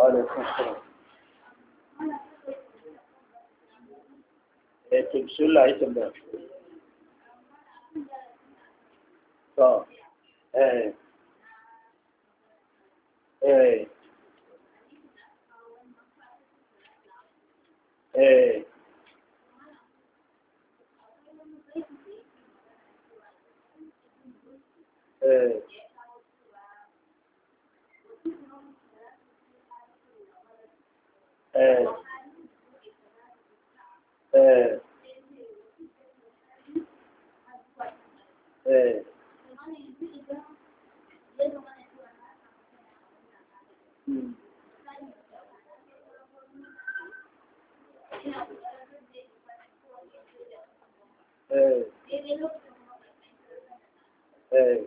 وعليكم السلام eh to eh eh eh eh Hey. Hey.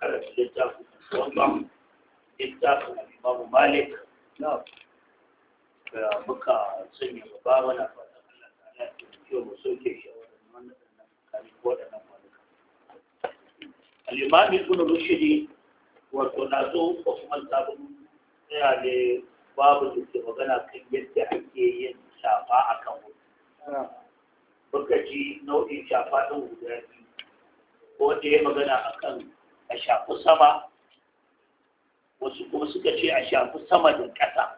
karanta littafin musamman littafin imamu malik na da muka sanya gaba wani fatan allah ta ala yau mu soke shawarar wannan kari waɗannan kwanuka al'imami kuna rushidi wato na zo ko kuma sabon tsaya ne babu da ke magana kan yadda ake yin shafa muka ji nau'in shafa ɗin guda biyu ko dai magana akan. a shafi sama wasu kuma suka ce a shafi sama da ƙasa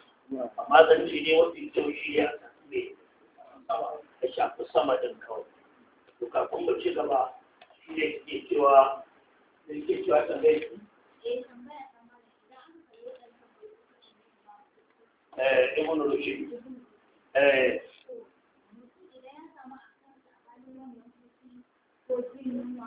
amma zance ne wani kyau shi ya ne a shafi sama da kawai to kafin mu ci gaba shi ne ke cewa da ke cewa tambaye eh, su ibn rushd eh Thank you.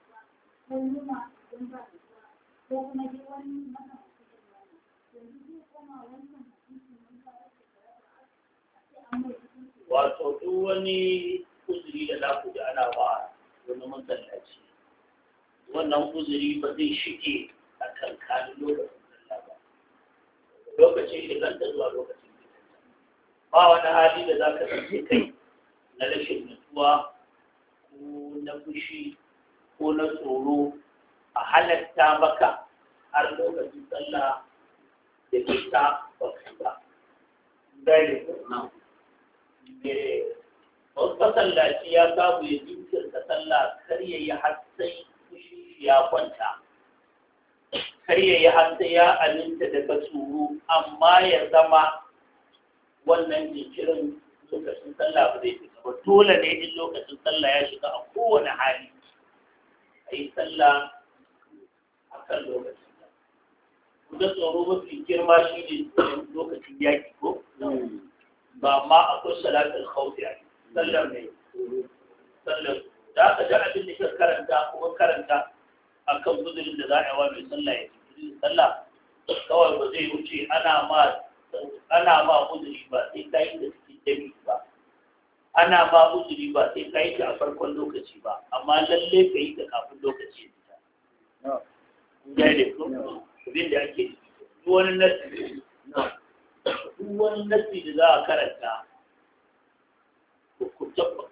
wato duk wani uzuri da za ku ji ana ba wani masallaci wannan uzuri ba zai shige a kan kanin lokacin sallah ba lokacin shigar da zuwa lokacin fitar ba wani hali da za ka ɗauke kai na rashin nutsuwa ko na fushi ko na tsoro a halatta maka har lokacin sallah da ke ta baka ba gane ko wasu masallaci ya samu ya jinkirta sallah kar ya yi har sai ya kwanta kar ya yi har sai ya aminta daga tsoro amma ya zama wannan jinkirin lokacin sallah ba zai fi ba dole ne in lokacin sallah ya shiga a kowane hali a yi sallah a kan lokacin da kuma tsoro mafi girma shi ne lokacin yaƙi ko ba ma akwai salatar hauti a sallar mai sallar da aka ji abin da ka karanta kuma karanta a kan guzurin da za a yi wa mai sallah ya ci sallah kawai ba zai wuce ana ma guzuri ba sai ta yi da cikin jami'i ba ana ba uzuri ba sai ka yi ta a farkon lokaci ba amma lalle ka yi ta kafin lokaci ya fita ya da ko abin da ake wani nasi wani nasi da za a karanta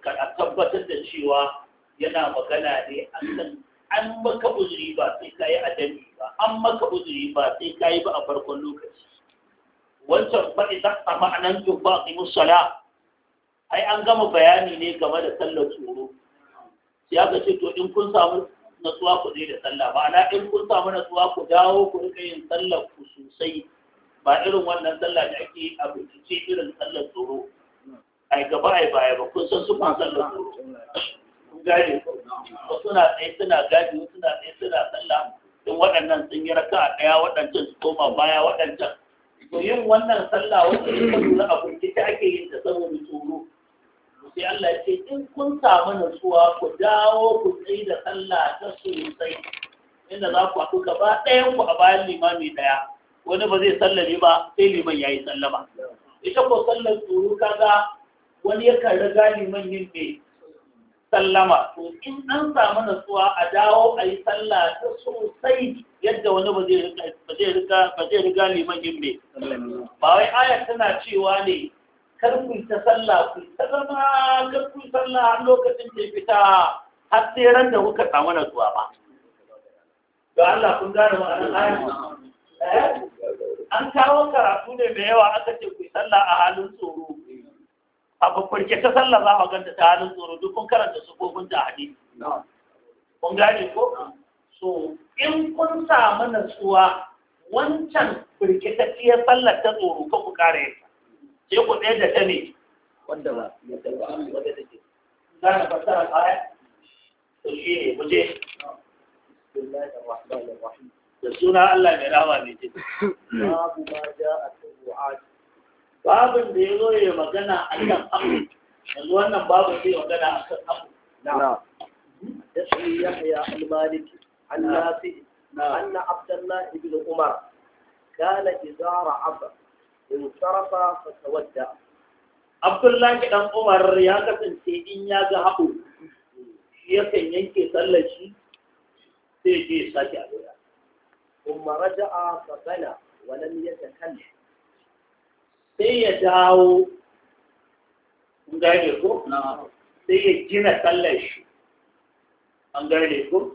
a tabbatar da cewa yana magana ne a kan an maka uzuri ba sai ka yi adami ba an maka uzuri ba sai ka yi ba a farkon lokaci wancan faɗi ta a ma'anan tubba a musala. ai an gama bayani ne game da sallar tsoro sai aka ce to in kun samu natsuwa ku je da sallah ba na in kun samu natsuwa ku dawo ku rika yin sallar ku sosai ba irin wannan sallah da ake a bincike irin sallar tsoro ai gaba ai baya ba kun san su kan sallar tsoro kun gane ko suna tsaye suna gadi suna tsaye suna sallah in waɗannan sun yi raka a ɗaya waɗancan su koma baya waɗancan to yin wannan sallah wanda ya kalu na abinci ta ake yin ta saboda tsoro sai Allah ce in kun samu nutsuwa ku dawo ku tsaye da sallah ta sosai inda za ku haɗu gaba ɗayan ku a bayan limami ɗaya wani ba zai sallame ba sai liman ya yi sallama ita ko sallar tsoro kaga wani kan riga liman yin mai sallama to in an samu nutsuwa a dawo a yi sallah ta sosai yadda wani ba zai riga liman yin mai ba wai ayar tana cewa ne kar ku ta sallah ku ta zama kar ku sallah har lokacin da fita har sai ran da kuka samu nutsuwa ba to Allah kun gane wannan ayat eh? an kawo karatu ne mai yawa aka ce ku sallah a halin tsoro a babbarke ta sallah za a ganta ta halin tsoro duk kun karanta su kofin ta hadisi kun gane ko so in kun samu nutsuwa wancan birkitacciyar sallar ta tsoro ka ku kare ta ke ku ɗaya da ta ne wanda ba yadda ba wanda take za ka fassara aya to shi ne mu je da suna Allah mai rawa ne ce babu ma ja a babin da ya zo ya magana a kan abu yanzu wannan babu zai magana a kan abu da shi yahya an nafi anna abdullah ibn umar kana izara abba in sarafa fa tawadda Abdullahi dan Umar ya kasance in ya ga haɓu kan yanke tsallaci, sai sai je ya sake doya kuma raja'a fa gana ya ta kalli. sai ya dawo kun gane ko sai ya gina sallar an gane ko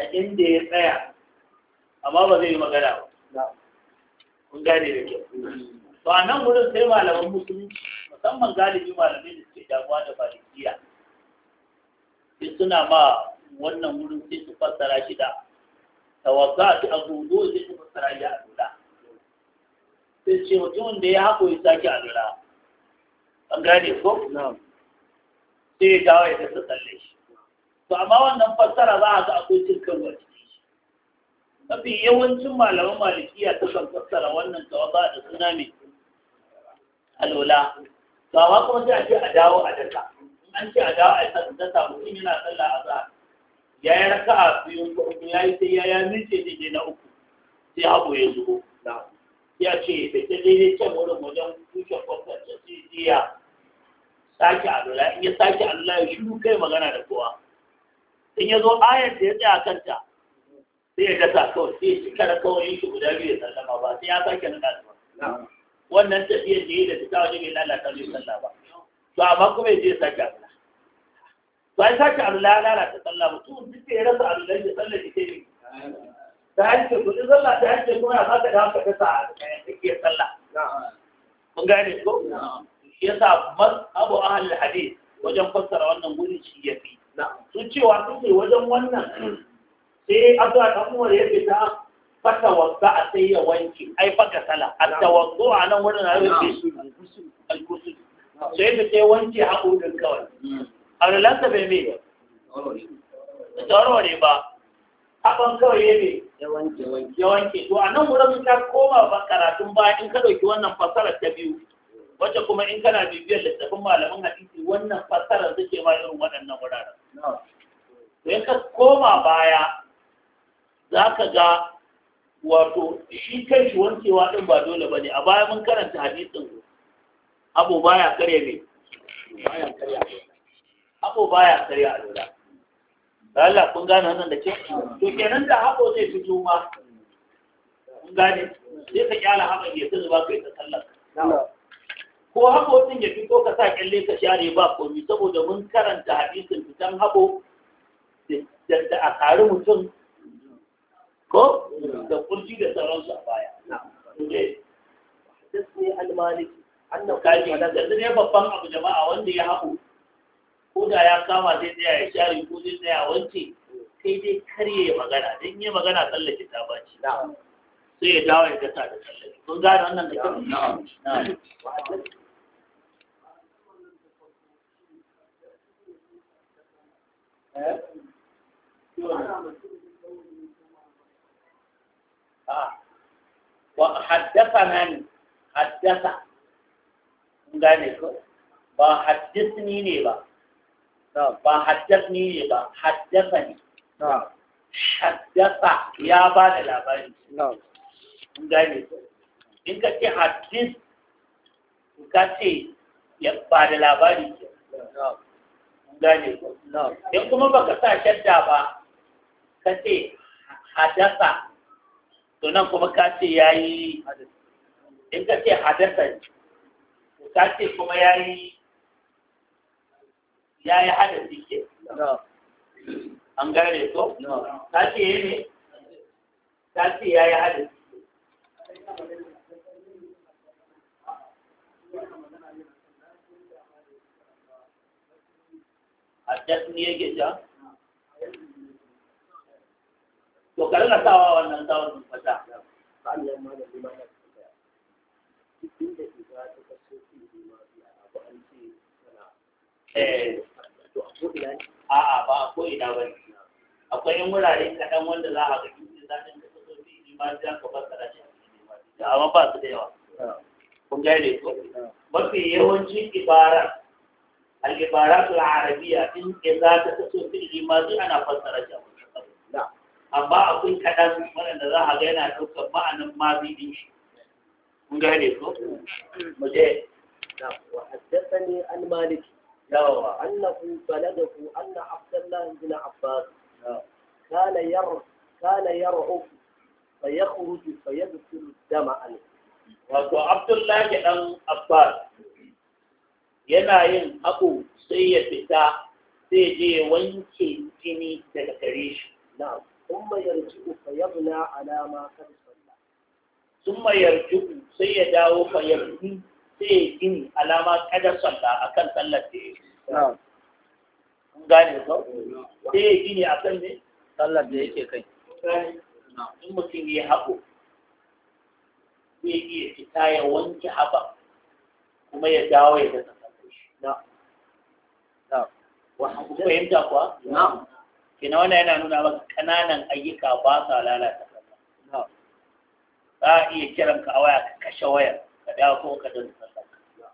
a inda ya tsaya amma ba zai yi magana ba kun gane da kyau to a nan wurin sai malaman musulunci musamman galibi malamai da suke damuwa da falikiya sai suna ma wannan wurin sai su fassara shi da tawazzatu abudu sai su fassara shi a lura sai ce mutumin da ya haƙo ya sake a lura an gane ko sai ya dawo ya dasa tsalle shi to amma wannan fassara za a ga akwai cikin wani mafi yawancin malaman malikiya sukan fassara wannan tawaba da tsunami. alola ba ma kuma sai a ce a dawo a daka an ce a dawo a ta mutum yana sallah a za ya yi raka a biyu ko uku ya yi sai ya yi mince daidai na uku sai hagu ya zubo ya ce da ta daidai can wurin wajen tushen kwakwar ta sai ya sake alola in ya sake alola ya shiru kai magana da kowa in ya zo ayar da ya tsaya kanta sai ya dasa kawai sai ya shekara kawai shi guda biyu ya sallama ba sai ya sake na ɗansu ba wannan tafiyar da ya da fita wajen bai lalata zai salla ba to amma kuma ya je ya sake abula to ai sake abula ya lalata salla ba tun duk ya rasa abulan da sallar da ke yi ta hanke kuɗi sallah ta hanke kuma ya ka da haka dasa a tsakiyar sallah kun gane ko shi sa mas abu ahal hadith wajen fassara wannan guri shi ya fi su cewa su ne wajen wannan sai abdullahi dan umar ya fita fata wasa a sai ya wanke ai baka sala a tawazzu a nan wurin na rufe al-gusul sai da sai wanke haƙoƙin kawai a rilanta bai mai ba da tsarware ba haɓan kawai ya ne ya wanke to a nan wurin ta koma ba karatun baya in ka ɗauki wannan fasarar ta biyu wacce kuma in kana bibiyar littafin malaman hadisi wannan fasarar suke ma irin waɗannan wuraren Sai in ka koma baya za ka ga wato shi kan shi wankewa ɗin ba dole ba ne a baya mun karanta hadisin abu baya karya ne abu baya karya a lura Allah kun gane wannan da ke to kenan da haɓo zai fi juma kun gane zai ka kyala haɓa ya ta zuba kai ta sallar ko haɓo sun ya fito ka sa kyalle ka share ba komi saboda mun karanta hadisin fitan haɓo da a tsari mutum ko da kurji da sauransu a baya ne almalik annan kaji da yanzu ne babban abu jama'a wanda ya haku ko da ya kama sai tsaya ya share ko zai tsaya wance sai dai karye ya magana don yi magana tsallake ta baci sai ya dawo ya gasa da tsallake kun gane wannan da kyau na'am Yeah. Ah. wa haddasa ne haddasa ko ba haddasni ne ba ba ne ba haddasa ne haddasa ya ba da labari ko in ka ce haddis ka ce ya ba da labari ke ko in kuma baka sa shadda ba ka ce haddasa to nan kuma ka ce ya yi in ka ce hadasa to ka ce kuma ya yi ya yi hadasi ke an gane to ka ce ya ne ka ce ya yi hadasi Adjustment yake ja? To, kare na sawa wannan tsawon wannan malami ma na tambaya duk inda iza ta kaso fi ma biya abu an ce tana eh, to a ko ina a'a ba a ko ina ba akwai wurare kaɗan wanda za a ga ta kaso fi ma biya ka fassara da amma ba su da yawa kun gane ko mafi yawancin ibara al-ibaratu al-arabiyya in iza ta kaso fi ma ana fassara shi amma akwai kaɗan waɗanda za a ga yana ɗaukar ma'anin mazi ɗin shi kun gane ko mu je وحدثني عن مالك أنه بلغه أن عبد الله بن عباس كان يرعب كان يرعب فيخرج فيبتل الدم عنه wato abdullahi dan abbas yana yin abu sai ya fita sai je wanke jini daga gare shi na'am ثم يرجع فيبنى على ما قد صلى ثم يرجع سيداو فيبني سيدني على ما قد صلى أكن صلى نعم gane ko sai ya gini a ne sallar da yake kai in mutum ya haƙo zai iya fita ya wanke haɓa kuma ya dawo daga sallar shi na kina wannan yana nuna maka kananan ayyuka ba sa lalata sallah za a iya kiran ka a waya ka kashe wayar ka dawo ko ka dinga sallah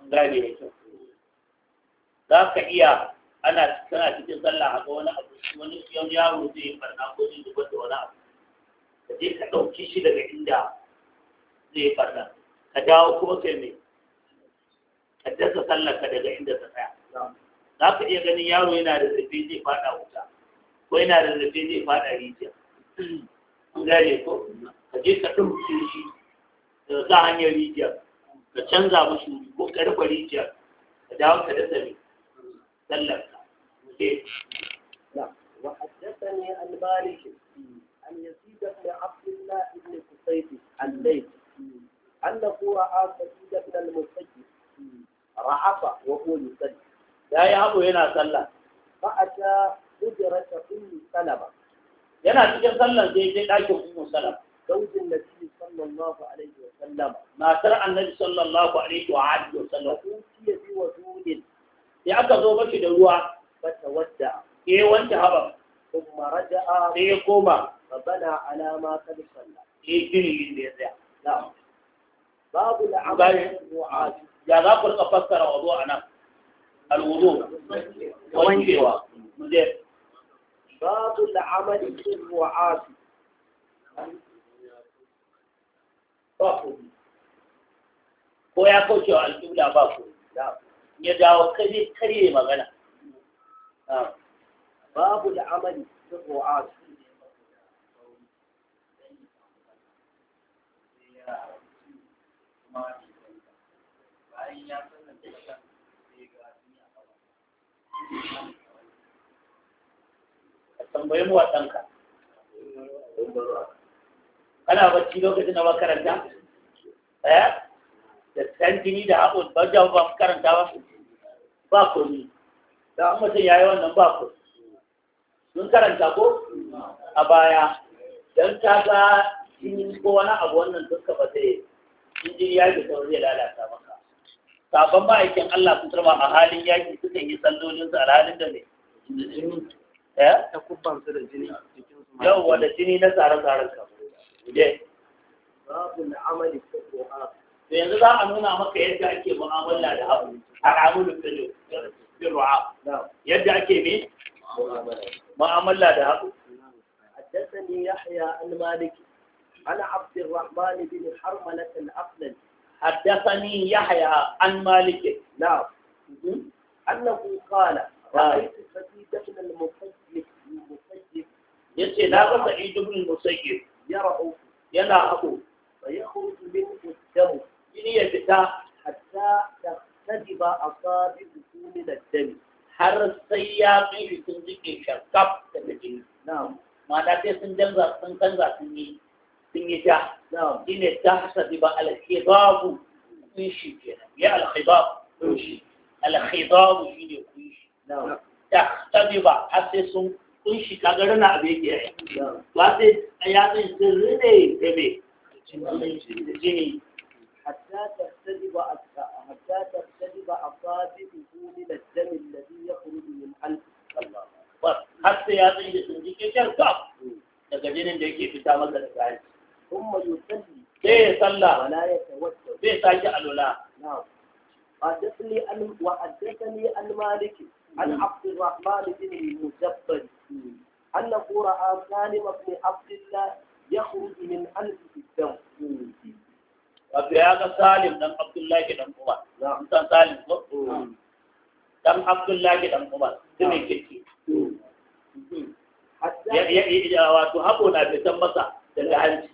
an gabe da kyau za ka iya ana tana cikin sallah a ga wani abu wani yau yaro zai yi barna ko zai zubar da wani abu ka je ka ɗauki shi daga inda zai yi barna ka dawo kuma kai mai ka dasa sallar ka daga inda ta tsaya za ka iya ganin yaro yana da zafi zai fada wuta ko yana da zafi zai fada rijiya an gane ko ka je ka ɗumce shi da za hanyar rijiya ka canza musu ko ka rijiya ka dawo ka da mai sallar ka وحدثني عن مالك عن يزيد بن عبد الله بن قصيد الليثي انه راى سعيد بن رعف وهو يصلي ya yi haɓo yana sallah ba a ta hujjarata ummu salama yana cikin sallan sai sai ɗakin ummu salama zaujin da shi sallallahu alaihi wa sallama matar annabi sallallahu alaihi wa alihi wa ya fi bi wudin sai aka zo maki da ruwa ba bata wadda eh wanda haba kuma raja'a sai ya koma rabbana alama ma kad salla eh gini yin da ya tsaya na'am babu la'abari ya za ku rika fassara wa zuwa nan alwudu wankewa muje babu al'amali bil ko ya kauce wa al'ula ba ko ya dawo kare karye magana babu al'amali bil su bayan ya tambayi mu waɗanka kana bacci lokacin da makaranta ɗaya eh? da ɗan jini da haɓun ba jawo ba makaranta ba ba komi da an mutum ya yi wannan ba ku. sun karanta ko a baya don ta ga jini ko wani abu wannan duka ba zai jini ya yi da ya lalata maka sabon ma'aikin Allah sun tarba a halin yaki sukan yi sallolin su a halin da ne ta kubban da jini eh? yawwa da jini na tsare-tsaren ka babu na amali ko ko'a to yanzu za a nuna maka yadda ake mu'amala da abu a amulin filo biru'a yadda ake me mu'amala da abu حدثني يحيى عن مالك عن rahman الرحمن بن حرملة الأقلمي حدثني يحيى عن مالك نعم أنه قال رأيت سعيد بن المسيب المسيب يسي لا سعيد بن المسيب يرى ينا أبو فيخرج منه الدم إني يبتا حتى تختلف أصابعه من الدم har sai ya tsiri sun jike sharkaf daga jini. Na'am. Mata sai sun canza sun canza sun yi sun yi ja shi ne ta hasa ba alkhidabu kunshi kenan ya alkhidab kunshi alkhidabu shi ne kunshi ta hasa ba har sai sun kunshi kaga rana abu yake yi ba sai a yatsun sun rine da me da jini حتى تختلف حتى تختلف أصابعه من الدم الذي يخرج من حلقه. حتى يا سيدي تنجيك يا daga jinin da yake fita masa da kayan ثم يصلي كيف صلى ولا يتوجه كيف ساجع الولاء نعم حدثني أن وحدثني عن مالك عن عبد الرحمن بن المجبر أنه رأى سالم بن عبد الله يخرج من أنفه الدم وفي هذا سالم salim عبد الله dan umar mutan سالم ko dan abdullahi dan umar su mai kirki wato hako na fitan masa daga hanci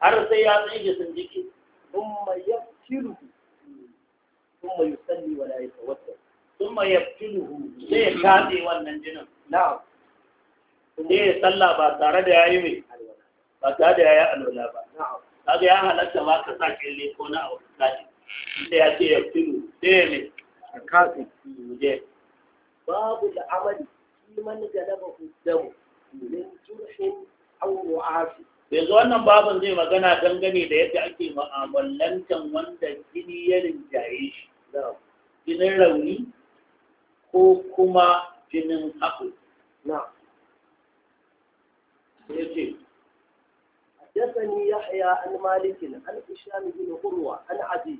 har sai ya tsaye sun jiki ثم يقتله ثم يصلي ولا يتوتر ثم يقتله sai kaɗe wannan jinin na'am sai ya salla ba tare da yi mai ba tare da yayi alwala ba na'am kaga ya halatta ba ka sa kille ko na abu kaɗe sai ya ce yaqtulu sai ne kaɗe je babu al'amali kiman galaba min jurhin auro yanzu wannan babin zai magana dangane da yadda ake ma'amalantan wanda jini ya rinjaye shi jinin rauni ko kuma jinin haƙo ya ce حدثني يحيى عن مالك عن هشام بن عروة عن عزيز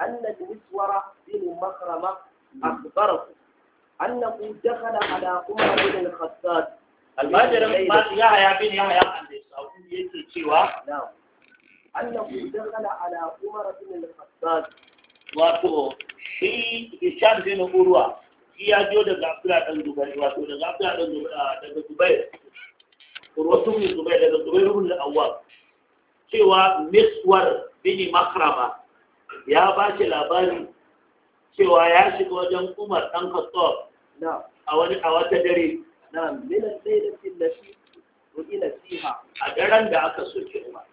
أن المسور بن مخرمة أخبره أنه دخل على عمر بن الخطاب almajirin ya haya bin ya haya an da su abu yake cewa annahu kana ala umar bin al-khattab wato shi hisham bin urwa shi ya jo daga abdullah dan zubair wato daga abdullah dan ah, daga zubair urwatu bin zubair daga zubair bin al-awwab cewa miswar bin makrama ya ba shi labari cewa ya shiga wajen umar dan khattab a wani a wata dare na'am min al-lailati allati ru'ila fiha a daren da aka soke Umar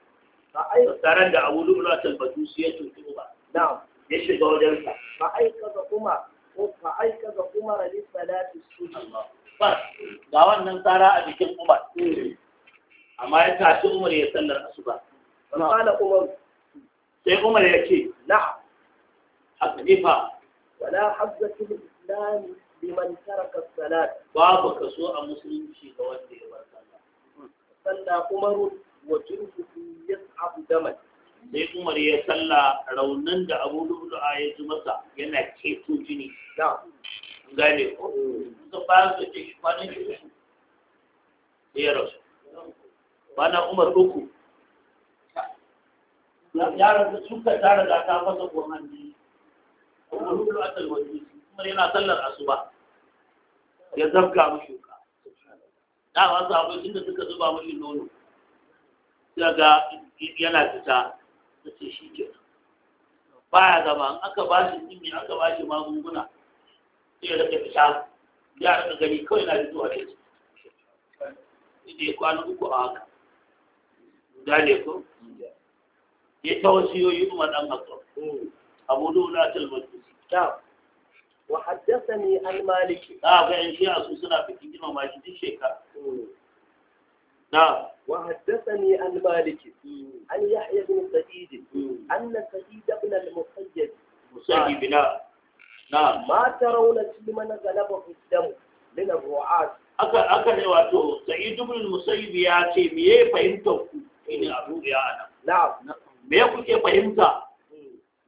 fa ai daren da Abu Lu'lu'a al-Bajusi ya soke Umar na'am ya shiga wajen sa fa ai kaza Umar ko ba ga wannan tsara a jikin Umar amma ya tashi Umar ya sallar asuba Umar sai Umar ya ce liman babu kaso a musulunci ga wanda ya bar sallah sallah umaru wa jurhuhu yas'abu mai. sai umar ya salla raunin da abu a ya ji masa yana ceto jini da gane ko da bayan da ke kwanan shi ya rasu bana umar uku Ya rasu. suka tara da ta fasa ko hannu abu lu'lu'a ta wajen umar yana sallar asuba ya zabga mushi ka za sabon inda suka zuba mushi nono daga yana fita da ce shi ke baya gaba an aka ba shi jimi aka ba shi magunguna sai ya rika fita ya rika gani kawai na fitowa da shi inda ya kwana uku a haka gane ko ya ta wasu yoyi umar dan hatsa hmm. abu dole a talmud ta wa haddathani an maliki a ga in shi su suna fikin girma ma shi duk shekara na wa haddathani an maliki an yahya bin sa'id anna sa'id ibn al-musayyib musayyib na na ma tarawna liman ghalaba fi dam min ar-ru'at aka aka ne wato sa'id ibn al-musayyib ya ce me ya fahimta ku ne abu ya ana na me kuke fahimta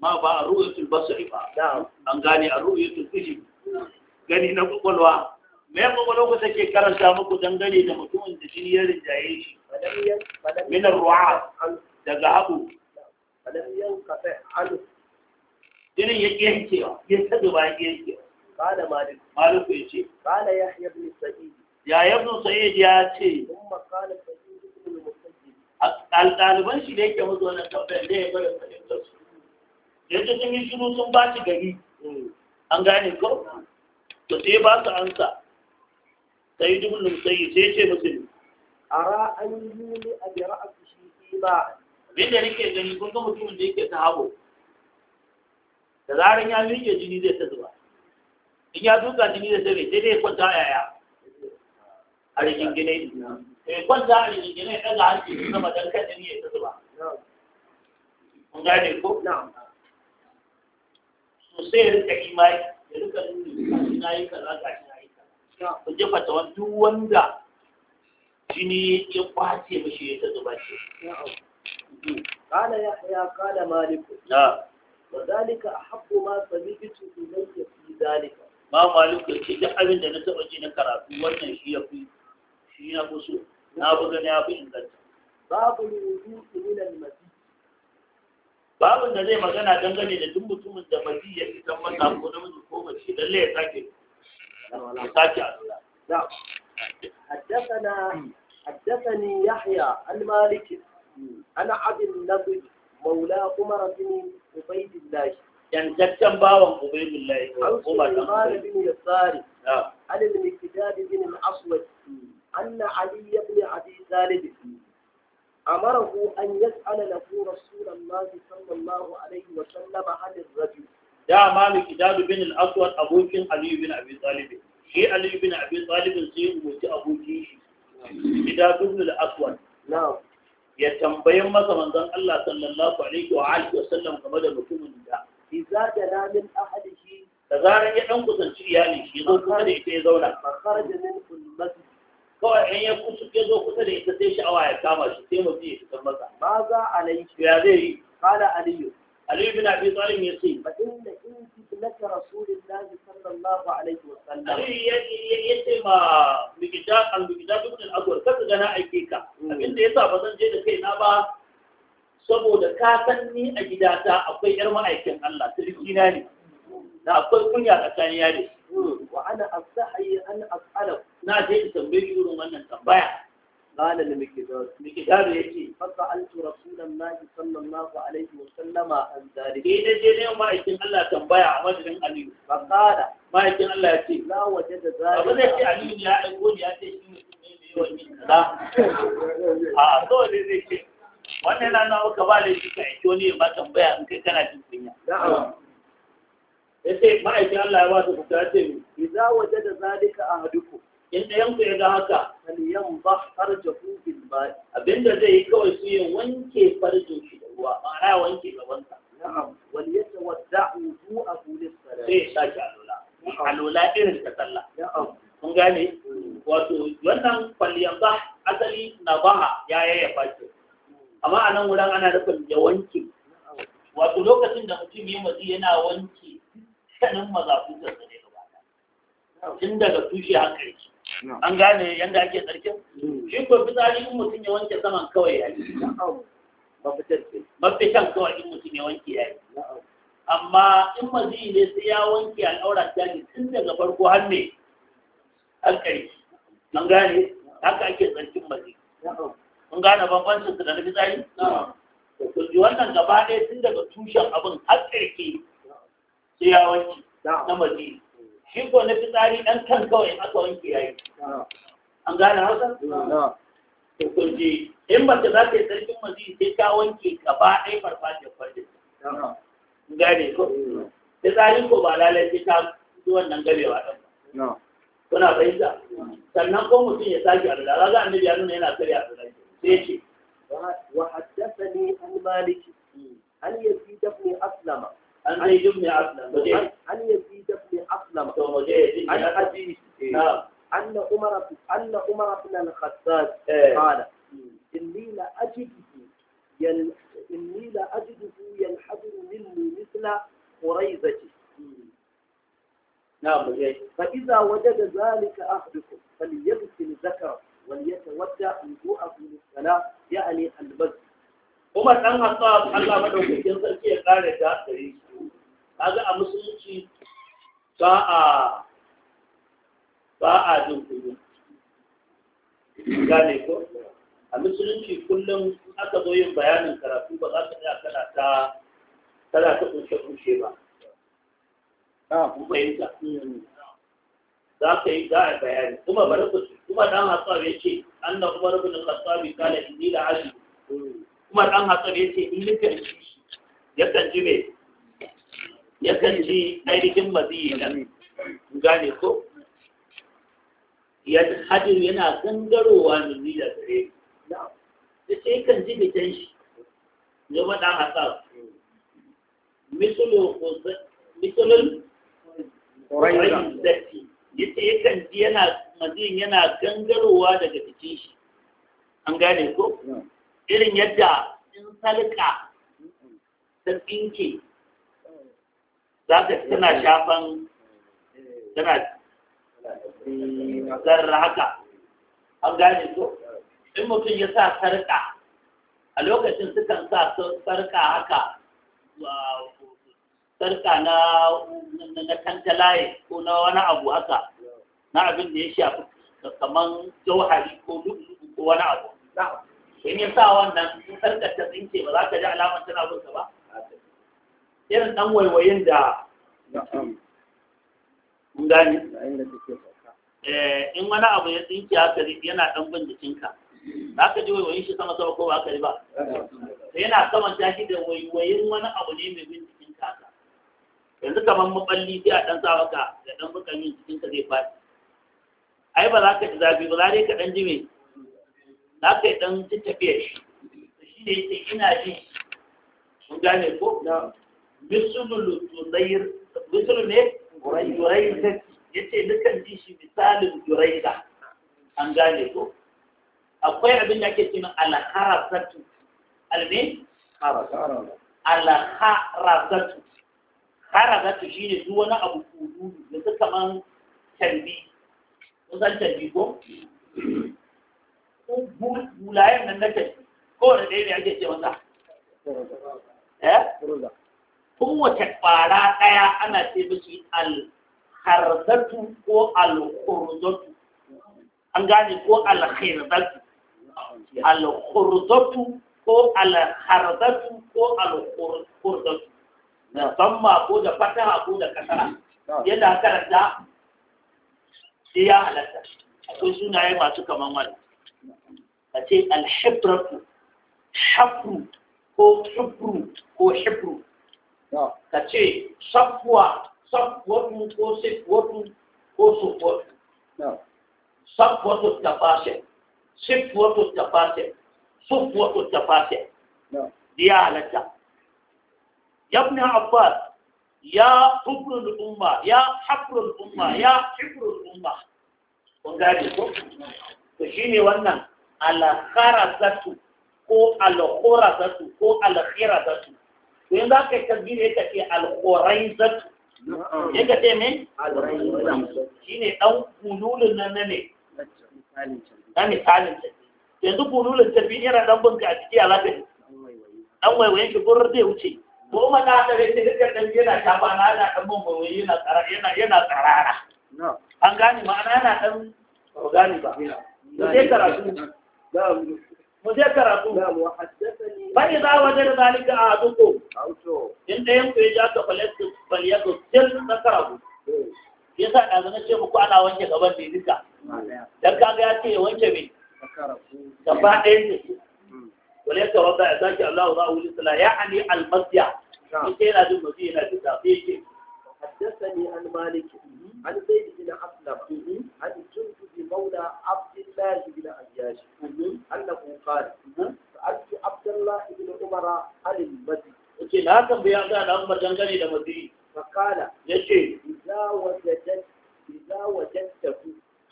ma ba a ru'yatul basri ba an gane a ru'yatul ilmi gani na kwakwalwa me ya kwakwalwa ku take karanta muku dangane da mutumin da shi ya rinjaye shi min ru'a daga habu jinin ya yankewa ya tabi ba ya ce ثم قال shi da yake mazo na tabbar da ya bar fahimtar yanzu sun yi shuru sun ba shi gari an gane ko to sai ba su ansa sai dubu musayyib sai ce musu ara an yuli abi ra'si shi ba abin da nake gani kun ga mutumin da yake hago da zarar ya miƙe jini zai ta zuba in ya duka jini zai tabe sai dai kwanta yaya a rikin gine eh kwanta a rikin gine daga hanci sama dan kan jini ya ta zuba kun gane ko na'am to sai ya rika imani ya rika nuni na yi kaza ga shi na yi kaza ku jefa ta duk wanda jini ya kwace mashi ya ta zuba shi قال يحيى قال مالك نعم وذلك أحب ما سمعت إلي في ذلك ما مالك يجي duk abin da na taɓa ji na karatu wannan shi ya fi shi na fi so na fi gani ya fi inganta babu wudu min al-masjid babin da zai magana dangane da duk mutumin da mazi ya fitan masa ko namiji ko mace lalle ya sake ya sake alula حدثنا حدثني يحيى عن مالك عن عبد النضر مولى عمر بن عبيد الله yantaccen bawan ubaydin lahi umar dan ubayd bin yasari an ibn kitad bin al-aswad anna ali ibn abi amarahu an yas'ala lahu rasulullahi sallallahu alaihi wa sallam an ar-rajul da malik idadu bin al-aswad abokin ali bin abi talib shi ali bin abi talib sai mutu abokin shi idadu bin al-aswad ya tambayi masa manzon Allah sallallahu alaihi wa alihi wa sallam game da mutumin da idza jala min ahadihi da zaran ya dan kusanci iyali shi zo kuma da ita ya zauna fa kharaja min kawai in ya kusa ya zo kusa da ita sai sha'awa ya kama shi sai mutum ya fitar masa ma za ya zai yi kala aliyu aliyu bin abi talib ya ce ba inna in fitnaka rasulillahi sallallahu alaihi wa sallam aliyu ya ce ma bigida al bigida ibn al gana aike ka mm. abinda yasa ba zan je da kai na ba saboda ka san ni a gidata akwai yar ma'aikin Allah sirri na ne na akwai kunya tsakaniya da wa ana afsahi an afsala na je in tambayi wurin wannan tambaya qala li mikdar mikdar yace fa sa'altu rasulullahi sallallahu alaihi wa sallama an dalika idan je ne ma Allah tambaya a madadin Ali fa qala Allah yace la wajada zalika abin da yake Ali ne ya dan gode ya ce shi ne mai yawan yin da a to ne zai ce wannan nan ka ba laifi ka yi to ne ma tambaya in kai kana cikin ya ce ma'aikin Allah ya ba su fita ce mu idza wajada zalika ahadukum in ɗayan yanku ya ga haka faliyan ba farjahu bil ba'i abinda zai yi kawai su yi wanke farjin shi da ruwa ma'ana ya wanke gabansa na'am wal yatawadda'u a lis-salat sai ya sake alula alula irin ta sallah na'am kun gane wato wannan kwalliyar ba asali na baha ya yayyafa ce amma a nan wurin ana nufin ya wanke wato lokacin da mutum ya matsi yana wanke dukkanin mazakutan su ne gaba tun daga tushe haka yake an gane yadda ake tsarkin mm. shi ko fitsari in mutum ya wanke saman kawai ya yi mafitan kawai in mutum ya wanke ya yi amma in mazi ne sai ya wanke a ta ne tun daga farko har me har ƙarshe an gane haka ake tsarkin mazi kun gane bambancin su da na fitsari kun ji wannan gaba ɗaya tun daga tushen abin har ƙarshe sai ya wanki na mazi shi ko na fitsari ɗan kan kawai in aka wanke ya yi an gane hausa? to kunji in ba ka za ka yi sarkin mazi sai ka wanke gaba ɗai farfajiyar farjin gane ko tsari ko ba lalai sai ta zuwa wannan gamewa ɗan kuna fahimta sannan ko mutum ya sake a da ga annabi ya nuna yana karya a sai ce wa ne an maliki an yazid ibn aslama عن زيد بن أسلم عن يزيد بن أسلم عن نعم. أبيه نعم. أن عمر أن عمر بن الخطاب إيه. قال إني لأجده يل إني لأجده ينحدر مني مثل قريزتي نعم فإذا وجد ذلك أحدكم فليغسل ذكره وليتودع وضوءه للصلاة يعني البذل Umar ɗan Hassan Allah madaukakin sarki ya ƙare da gare shi ga a musulunci ba a ba a jin kuɗi gane ko a musulunci kullum aka zo yin bayanin karatu ba za ka tsaya kana ta kana ta kunshe kunshe ba a kun fahimta za ka yi za a bayani kuma bari ku kuma ɗan Hassan ya ce annabi Umar ibn Khattab kala inni la alim Umar ɗan Hatsari ya ce in shi ya kan ji me yakan ji ainihin maziyi nan gane ko ya hajjin yana gangarowa nuni da gare da ce yakan ji can shi ya maɗa Hatsar misulul ƙorai zati ya ce yakan ji yana maziyin yana gangarowa daga cikin shi an gane ko irin yadda in salka da tsinke za ta tana shafan tana zarra haka an gane ko in mutum ya sa sarka a lokacin sukan sa sarka haka sarka na na kantalaye ko na wani abu haka na abin da ya shafi kamar jauhari ko duk ko wani abu in ya sa wannan in sarkar ta tsinke ba za ka ji alamar tana bin ka ba irin ɗan waiwayin da gani eh, in wani abu ya tsinke haka yana ɗan bin jikinka za ka ji waiwayin shi sama sama ko ba ka ji ba sai yana saman tashi da waiwayin wani abu ne mai bin jikinka haka yanzu kamar maballi sai a ɗan sawa ka, da ɗan bukan yin jikinka zai fadi. ai ba za ka ji zafi ba za dai ka ɗan ji mai za ka yi ɗan tafiya shi shi ne yake ina ji mun gane ko na misulul ne? misul ne yuraida yace dukan ji shi misalin yuraida an gane ko akwai abin da ake cewa alharasatu alme alharasatu shi ne duk wani abu kudu da kaman tarbi kun san tarbi ko bulayen nan na kai kowane ɗaya ne ake ce masa eh? kowace ƙwara ɗaya ana ce mishi alharzatu ko alhurzatu an gane ko alhirzatu alhurzatu ko alharzatu ko alhurzatu da zamma ko da fataha ko da kasara yadda aka sai ya halatta akwai sunaye masu kaman wani الحبر حبر هو حبر هو حبر تاتي نعم. صفوة صفوة هو صفوة هو صفوة نعم. صفوة التفاسي صفوة التفاسي صفوة التفاسي نعم. ديا لك يا ابن عباس يا حبر الأمة يا حبر الأمة يا حبر الأمة to shine wannan zatu ko zatu ko alkharasatu to yanzu aka ne ka ce ya yake ce me ne dan kunulun na ne na misalin ta yanzu kunulun ta fi yana dan bunka a ciki alaka ne dan waiwayin shi gurin zai wuce ko ma da da yake dukkan ɗan yana tafa na ana ɗan mun waiwayi yana yana tsarara an gane ma'ana yana ɗan gane ba mu je karatu mu je karatu fa idza wajada zalika ahadukum in dayan ku ya ta falyatu falyatu sir zakarahu yasa ce muku ana wanke gaban ne duka dan kaga ya ce wanke me gaba ɗayan ne wale ani almasiya yake yana jin mutum yana jin yake حدثني عن مالك عن زيد بن اسلم عن جند مولى عبد الله بن عياش أنه قال سألت عبد الله بن عمر عن المزي yace na tambaya ga dan madangane da mazi fakala yace idza wajadta idza wajadta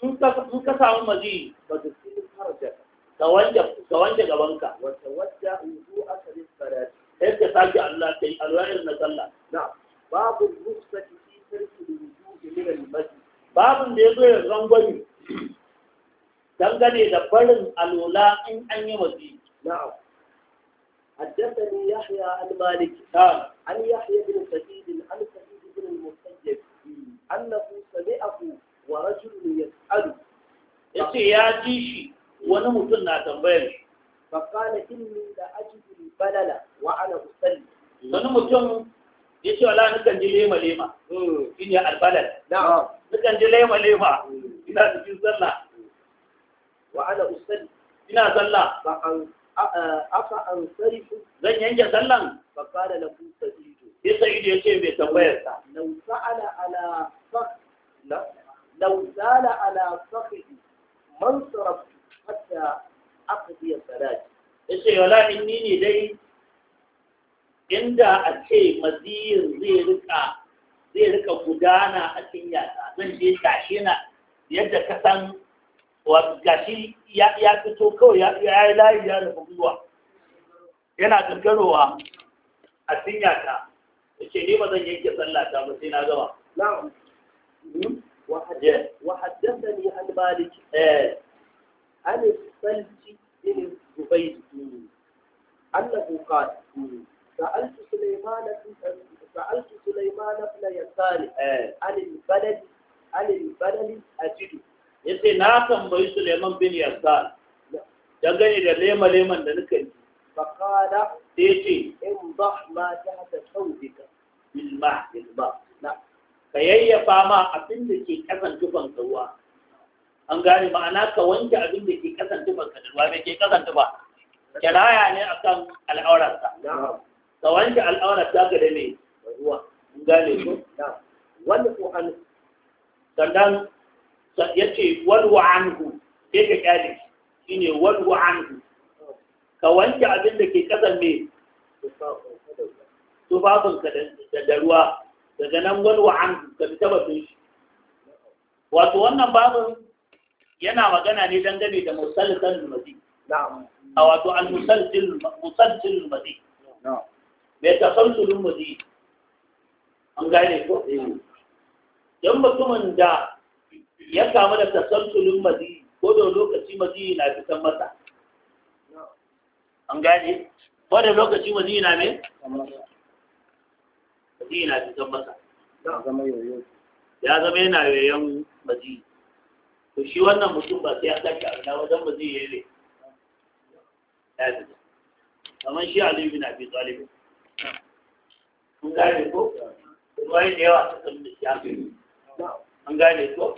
in ka in ka samu mazi ba ka sai harja ka wanda ka wanda gabanka wa tawadda wudu asali salat sai ka saki Allah kai alwayar na sallah na babu rukhsati fi tarki wudu min al-masjid babun da yazo ya zangwani dangane da barin alola in an yi wasi. Na'am. Haddasani Yahya al-Malik kan an Yahya bin Sadid an Sadid bin Musayyib annahu sami'ahu wa rajulun yas'alu. Yace ya ji shi wani mutum na tambayar shi. Fakala inni da ajibu balala wa ana usalli. Wani mutum ya ce wala nukan ji lema-lema. Hmm. Shi ne albalal. Na'am. Nukan ji lema-lema. Hmm. Ina cikin sallah. wa ana ina sallah ba an afa an zan yanke sallan ba da la ku sa'idu sai sa'idu yace mai tambayar sa law sa'ala ala faq law sa'ala ala faqidi man saraf hatta aqdi salati ne dai inda a ce maziyin zai rika zai rika gudana a cikin yasa zan je tashi na yadda ka san gashi ya fito kawai ya yi layi ya rufe gwiwa yana dangarowa a sinyata da ce ne zan yanke sallata ba sai na gaba سألت سليمان سألت سليمان بن يسار عن البلد عن البلد أجده ya ce na tambayi leman bin yasa gani da lema-leman da nuka yi bakada da ya ce in ba ma ta haka saudika ilma ilma na ka yayyafa ma abin da ke kasan tufan ruwa an gane ma'ana ka wanke abin da ke kasan tufan ka ruwa da ke kasan tufa kiraya ne akan al'aurarsa ka wanke al'aurar ga da ne ruwa an gane ko wanda ko an sannan ya ce walwa anhu sai ka kyale shi ne walwa anhu ka wanke abin da ke kasan me tufafinka da ruwa daga nan walwa anhu ka fita batun shi wato wannan babin yana magana ne dangane da musalsal mazi a wato al-musalsal mazi mai tasalsulun mazi an gane ko eh. dan mutumin da ya kamu da tasalsulin mazi ko da lokaci mazi na fitan masa an gane ko da lokaci mazi na me mazi na fitan masa ya zama yana yoyon mazi to shi wannan mutum ba sai ya sake a wajen mazi ya yi ne ya kamar shi aliyu na fi tsalibi an gane ko ruwaye da yawa ta an gane ko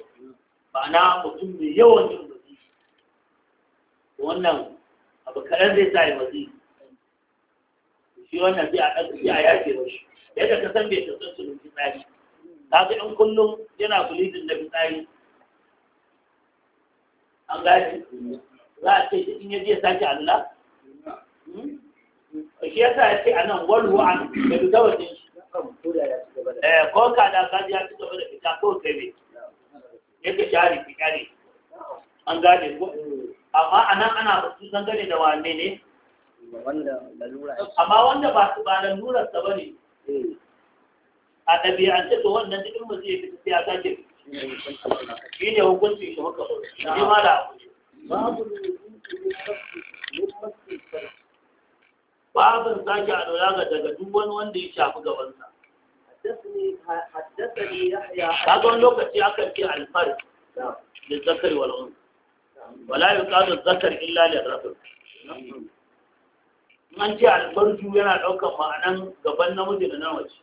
ba'ana mutum mai yawan yin wazi wannan abu kaɗan zai sa ya wazi shi wannan zai a ɗan a yafe shi yadda ka san bai tattar su tsari ka ga ɗan kullum yana kulidin na fitsari an gashi za a ce in ya sake Allah hmm? shi yasa ya ce a nan an da fita wajen shi ko ka da ka ya ci gaba fita ko kai yadda shari fi kyale an gane ko amma a nan ana san gane da wane ne amma wanda ba su ba lalurar sa bane a ɗabi'ance to wannan duk masu zai fi tafiya sake shi ne hukunci shi haka shi ma da babin sake a dora daga duk wani wanda ya shafi gabansa حدثني حدثني يحيى هذا an ce yana ɗaukar ma'anan gaban namiji da namiji.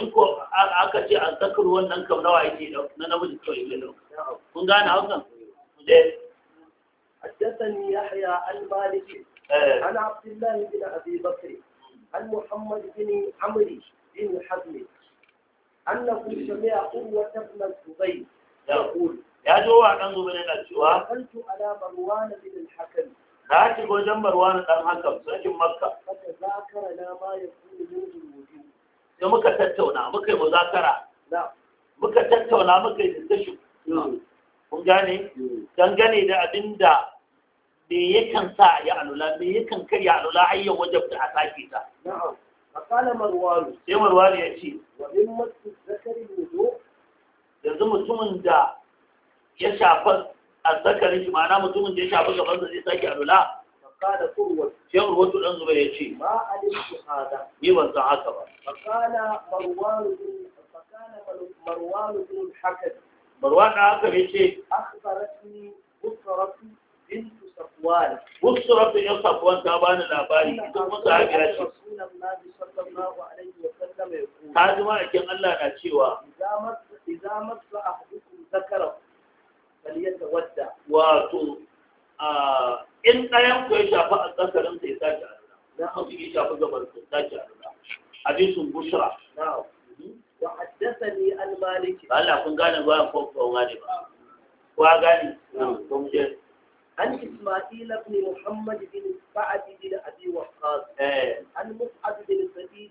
in ko aka ce a zakar wannan kam nawa yake na namiji kawai ne ɗauka kun gane hausa ya حدثني يحيى المالكي عن عبد الله بن ابي بكر عن محمد بن عمرو بن حزم أنه سمع قوة بن الزبير يقول يا جوا عن زبير الجوا دخلت على مروان بن الحكم na shigo wajen marwani dan hakan sarkin makka sai muka tattauna muka yi muzakara muka tattauna muka yi discussion kun gane da abinda me yakan sa ya alula me yakan karya alula ayyan wajab da a sake ta فقال مروان sai مروان ya ce wa in masu zakari wudu yanzu mutumin da ya shafa azzakarin shi ma'ana mutumin da ya shafa gaban sa zai sake alula فقال قوة شيخ الوتو الأنزو بيشي ما علمت هذا ميوان سعاك با فقال مروان فقال مروان بن الحكم مروان عاكم يشي أخبرتني بصرتي bintu safwan wasu yau ta bani labari ita kuma sahabiya ce ta ji ma'aikin Allah na cewa idza masa ahadukum zakara falyatawadda wato in ɗayan ku ya shafi a zakarin sai ta ji Allah dan an shafi gabar sai ta ji Allah hadisin bushra na'am wa haddathani al-maliki Allah kun gane ba ko ko gane ba wa gani. عن إسماعيل بن محمد بن سعد بن أبي وقاص عن مصعب بن سعيد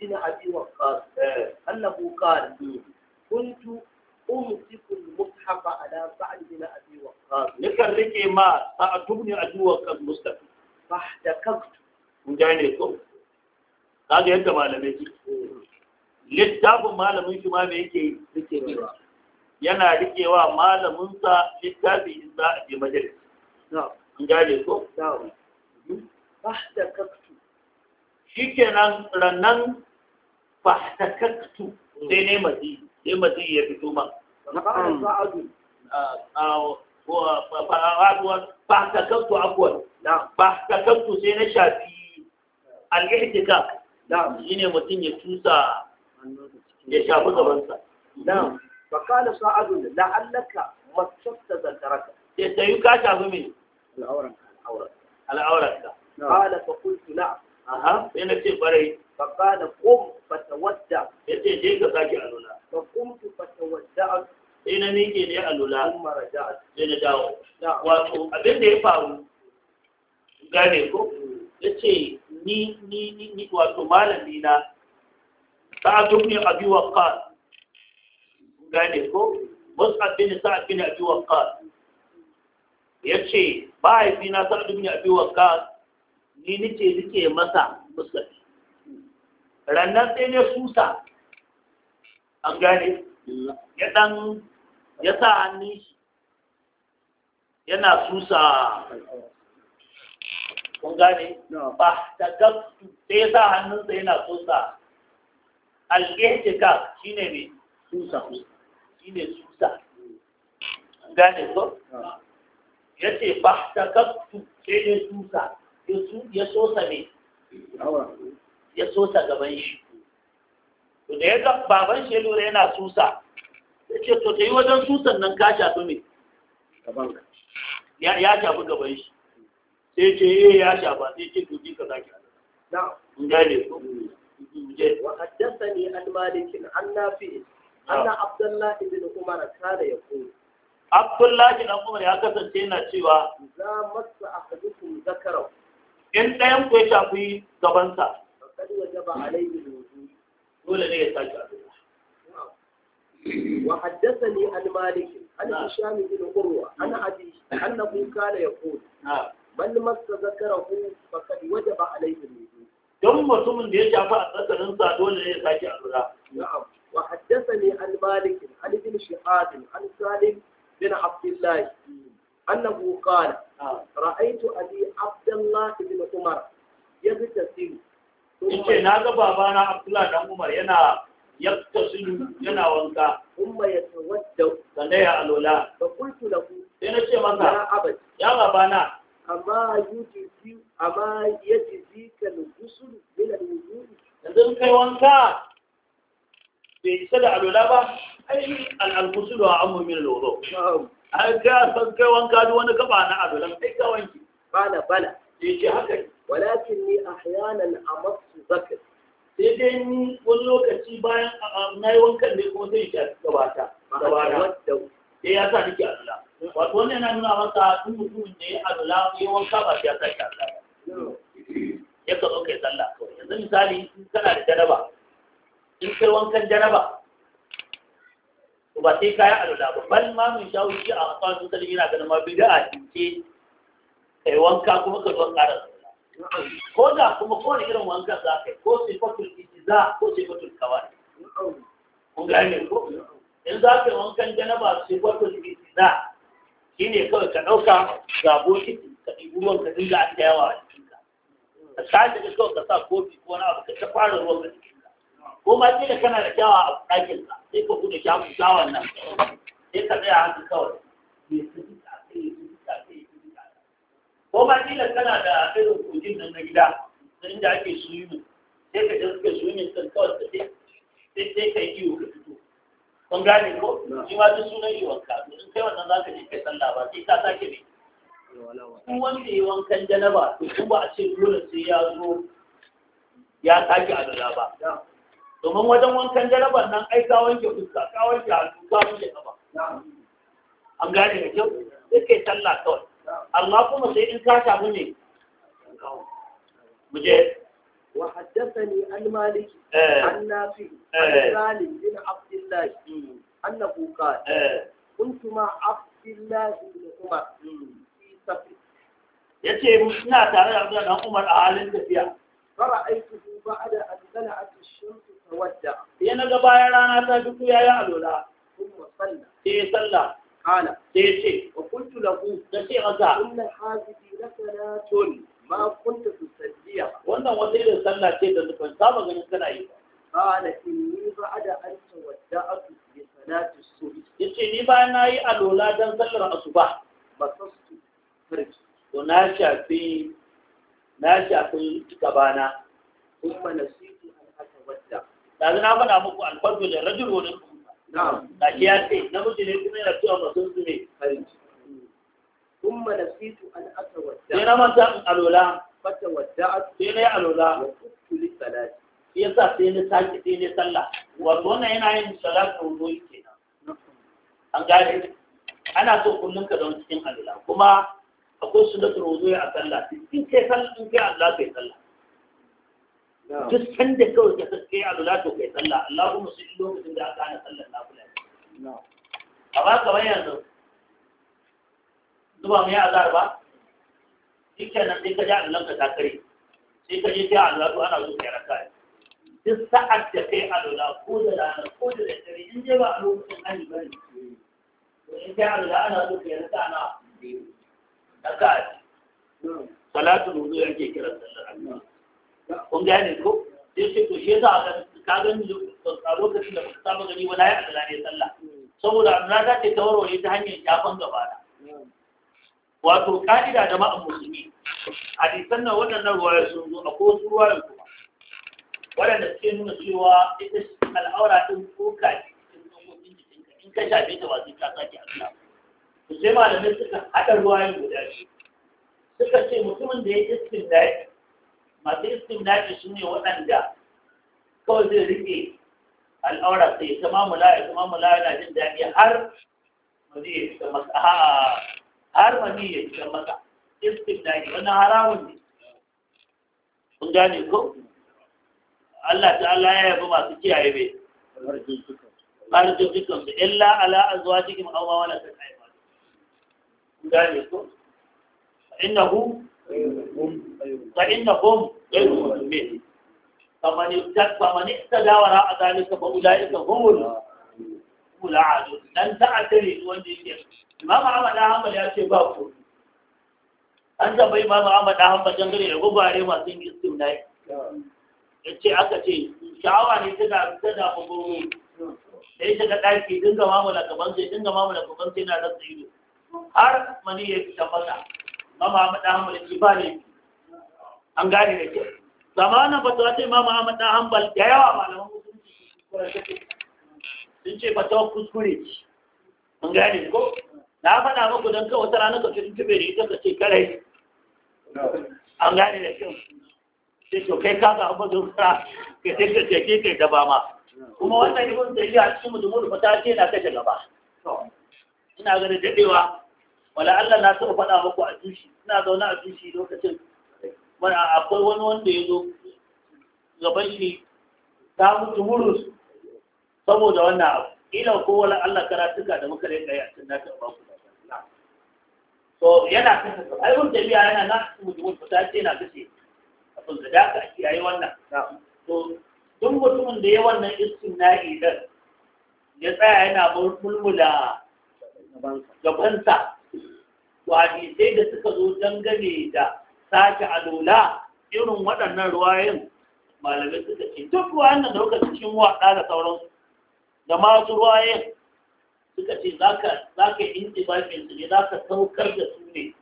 بن أبي وقاص أنه قال كنت أمسك المصحف على سعد بن أبي وقاص نكر لك ما سعد بن أبي وقاص مصحف فاحتككت مجانيكم kaga yadda malamai ke littafin malamin shi ma me yake rikewa yana rikewa malaminsa littafi in za a je majalis in gane ko mhm. fahtakaktu shikenan rannan fahtakaktu mm. sai ne mazi sai mazi ya fito ma fahtakaktu akwai fahtakaktu sai na shafi al'ihtika shi ne mutum ya tusa ya shafi gabansa. Na'am, fa qala sa'adun la'allaka mattatta zakaraka sai ta yi ka shafi me al'auranka ƙala fa kultu na aha na ce barai fa ƙala kum fatawadda ya ce je ka sake alula fa kumtu fatawadda sai na miƙe ne alula sai na dawo wato abin da ya faru ya ce ni ni ni wato malami na sa'ad ibn abi waqqas ya ce ba ya fi na sa duniya abi wakas ni nike nike masa musulmi rannan sai ne susa an gane ya dan ya sa hannun shi yana susa kun gane ba ta gabtu sai ya sa hannunsa yana susa al ka shine ne susa ne susa an gane ko ah. ya ce ba ta kaftu sai ya tusa ya sosa ne ya sosa gaban shi to da ya ga baban shi lura yana susa ya ce to ta yi wajen susan nan ka shafi me ya shafi gaban shi sai ce eh ya shafa sai ce to ji ka zaki in gane ko وحدثني عن مالك عن نافع أن عبد الله بن عمر كان يقول Abdullahi dan Umar ya kasance yana cewa za masa ahadukum zakarau in ɗayan ku ya shafi gabansa faqad wajaba alayhi alwudu dole ne ya saki addu'a wa haddathani an malik an hisham bin urwa an abi annahu kana yaqul man masa waje ba wajaba alayhi alwudu don mutumin da ya shafi a tsakaninsa dole ne ya sake addu'a wa haddathani ne malik an ibn shihab an salim bin Abdullahi annahu qala ra'aytu abi Abdullahi bin Umar yaghtasilu yace na ga babana Abdullahi dan Umar yana yaktasilu yana wanka umma yatawadda sannan ya alola fa qultu lahu sai na ce maka ya abad ya na. amma yujizi amma yajizi kal gusul min al wujud yanzu kai wanka bai isa da alola ba ai al'alkusulu a amu min loro An kai san kai wanka duk wani gaba na abu lan kai ka wanki bala bala ya ce haka walakin ni ahyanan amassu zakar sai dai ni wani lokaci bayan na yi wankan ne kuma sai ya gabata gabata sai eh, ya sa nake azula wato wannan yana nuna masa duk mutumin da ya azula ya wanka ba sai ya sa shi azula ya ka zo kai sallah yanzu misali in kana da janaba in kai wankan jaraba. ba sai kayan alula ba bal ma mun shawo shi a tsawon sun talibi na ganin ma bida a cinke kai wanka kuma ka zuwa ƙarar ko da kuma ko irin wanka za ka yi ko sifatul ijiza ko sai sifatul kawai kun gane ko in za ka yi wankan janaba sifatul za shi ne kawai ka ɗauka ga boki ka ɗibi ruwan ka dinga a yawa a cikin ka sa ka kawai ka sa kofi ko wani abu ka ta fara ruwan ka cikin ko ma da kana da kyawa a ɗakin ka sai ka buɗe kyawun kyawan nan sai ka tsaya hannu kawai me su ji ta sai ta ko ma kana da irin kogin nan na gida na inda ake mu, sai ka je su yi min sun kawai ka sai sai ka yi iyo ka fito kun gane ko shi ma duk sunan yi wanka sun kai wannan za ka je kai sallah ba sai ka sake ne kun wanda ya wankan janaba to kuma a ce dole sai ya zo ya sake a ba domin wajen wankan jarabar nan ai ka wanke fuska ka wanke hannu ka wanke kafa an gane da kyau sai kai talla kawai amma kuma sai in ka samu ne mu je وحدثني عن مالك عن نافع عن سالم بن عبد الله انه قال كنت مع عبد الله بن عمر في سفر yace muna tare da Abdullahi dan Umar a halin tafiya fara aiki ba'da an sana'at tawadda sai na ga bayan rana ta duku yayi alola kuma salla sai salla kana sai ce wa kuntu lahu da ce maza inna hazihi lakalatun ma kuntu tusalliya wannan wata irin sallah ce da zukan saba ganin kana yi ba. kana inni ba'da an tawadda'tu bi su. Ya ce ni bayan nayi alola dan sallar asuba basastu farki to na shafi na shafi gabana kuma nasi yanzu na faɗa muku alfardu da rajin wani da shi ya ce namiji ne kuma yana cewa masu su ne kuma da fitu an aka wadda sai na manta in alola fata wadda a sai na yi alola Ya sa salati shi sai ni sake sai na sallah wato wannan yana yin salatu wudu ke. an gane ana so kullum ka zama cikin alola kuma akwai sunnatul wudu a sallah in kai sallah in kai alola kai sallah duk sanda kawai ka kai alula to kai sallah Allah kuma su yi lokacin da aka hana sallar nafila a ba ka bayan yanzu zuba mai azar ba shi kenan sai ka ji alulanka ta kare sai ka je kai alula to ana zo kai raka'a duk sa'ad da kai alula ko da rana ko da daddare in je ba a lokacin hali ba ne in kai alula ana so ka yarda ana da ka salatul wudu yake kiran sallar Allah kun ne, ko sai ce to shi yasa a ka gani a lokacin da ba saba gani wani na yi alwala ne sallah saboda na za ta warware ta hanyar shafan gaba wato ka'ida da ma'an musulmi hadisan nan waɗannan ruwaya sun zo ko wasu ruwaya kuma waɗanda suke nuna cewa ita al'aura ɗin ko kaji cikin dokokin jikinka in ka shafe ta ba sai ka sake alwala to sai malamai suka haɗa ruwayan guda biyu suka ce mutumin da ya yi iskin daji masu istimnaji su ne waɗanda kawai zai rike al'aura sai ta mamula ya ta mamula yana jin daɗi har mazi ya fitar masa har mazi ya fitar masa istimnaji wannan haramun ne kun gane ko Allah ta'ala ya yabi masu kiyaye bai arjin dukkan da illa ala azwajikum aw ma malakat aymanukum kun gane ko innahu fa innahum Kamani, غير a فمن فمن اقتدى وراء ذلك Kula a العادون dan ta ta'addari wanda yake Imam Ahmad Ahmad ya ce ba ku an zaba Imam Ahmad Ahmad gare da gugware masu yin istimnai ya ce aka ce sha'awa ne ta da ta da gugwaro da ya shiga ɗaki dinga mamala gaban sai dinga mamala gaban sai na rasa ido har mani ya fita masa Imam Ahmad Ahmad ya ce ba ne an gane da kyau zamanin fatawa ta imamu muhammad na hanbal da yawa malaman musulunci sun ce fatawa kuskure ce an gane ko na faɗa maku don kawai wata ranar kafin tube da ita ka ce karai. an gane da kyau sai to kai ka ga abu zuwa ka ce ka ce ke kai ba ma kuma wannan ibn da ya cikin mutumur fata ce na kashe gaba ina ganin dadewa wala Allah na taɓa faɗa maku a dushi ina zaune a dushi lokacin Wani akwai wani wanda ya zo gaban shi ta mutu murus saboda wannan abu ila ko wala Allah karatuka da muka rinka yi a cikin naka ba ku da so yana kasa ai mun tafiya yana na mutumin ta ce na kace abin da daka ake yayi wannan so duk mutumin da ya wannan istinai din ya tsaya yana mulmula gabansa to hadisai da suka zo dangane da sake alula irin waɗannan ruwayen malamai suka ce duk ruwayen da suka cikin waɗa da sauran da masu ruwayen suka ce za ka inci bakin su ne za ka saukar da su ne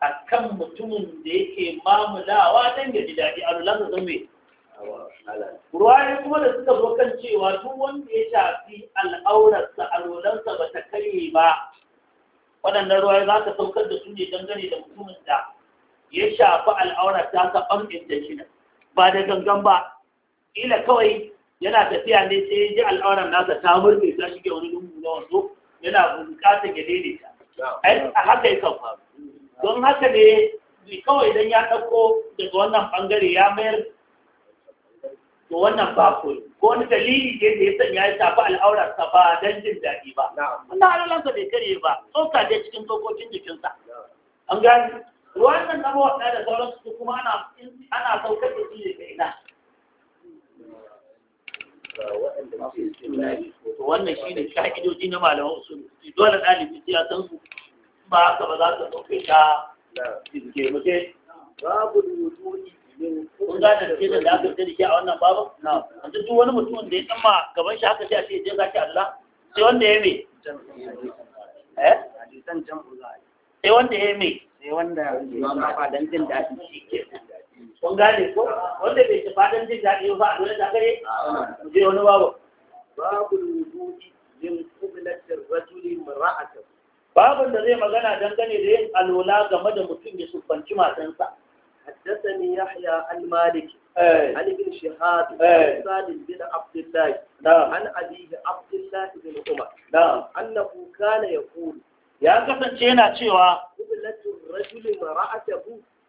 a kan mutumin da yake mamulawa don ya ji daɗi a lula zan mai ruwayen kuma da suka zo kan cewa duk wanda ya shafi al'aurarsa al'ulansa ba ta kare ba waɗannan ruwaye za ka saukar da su ne dangane da mutumin da ya shafi al'aurar ta ta ɓangin da shi ba da gangan ba ila kawai yana tafiya ne sai ya ji al'aurar nasa ta murɗe ta shige wani lungu na wasu yana bukatar ya daidaita ai a haka yakan faru don haka ne kawai idan ya ɗauko daga wannan ɓangare ya mayar to wannan ba ko wani dalili ne da ya sanya ya shafi al'aurar ta ba don jin daɗi ba wannan alalansa bai karye ba tsoka dai cikin tsokokin jikinsa an gani wannan na mawaɗa da sauransu su kuma ana saukar da su ne ga ina wannan shi ne ka'idoji na malaman usul dole ɗalibi sai ya san su ba haka ba za ka ɗauke ta jirge muke babu wuturi kun gane da kenan da aka tsiri a wannan babu Na. yanzu duk wani mutumin da ya tsamma gaban shi haka sai a ce je zaki Allah sai wanda ya me eh sai wanda ya yi me sai wanda ba jin daɗi shi ke kun gane ko wanda bai ci fadan jin daɗi ba a dole zakare mu wani babu babu min rajuli da zai magana dangane da yin alwala game da mutum ya sufanci matansa حدثني يحيى عن مالك عن ابن شهاب عن سالم بن عبد الله عن أبيه عبد الله بن عمر كان يقول ya kasance yana cewa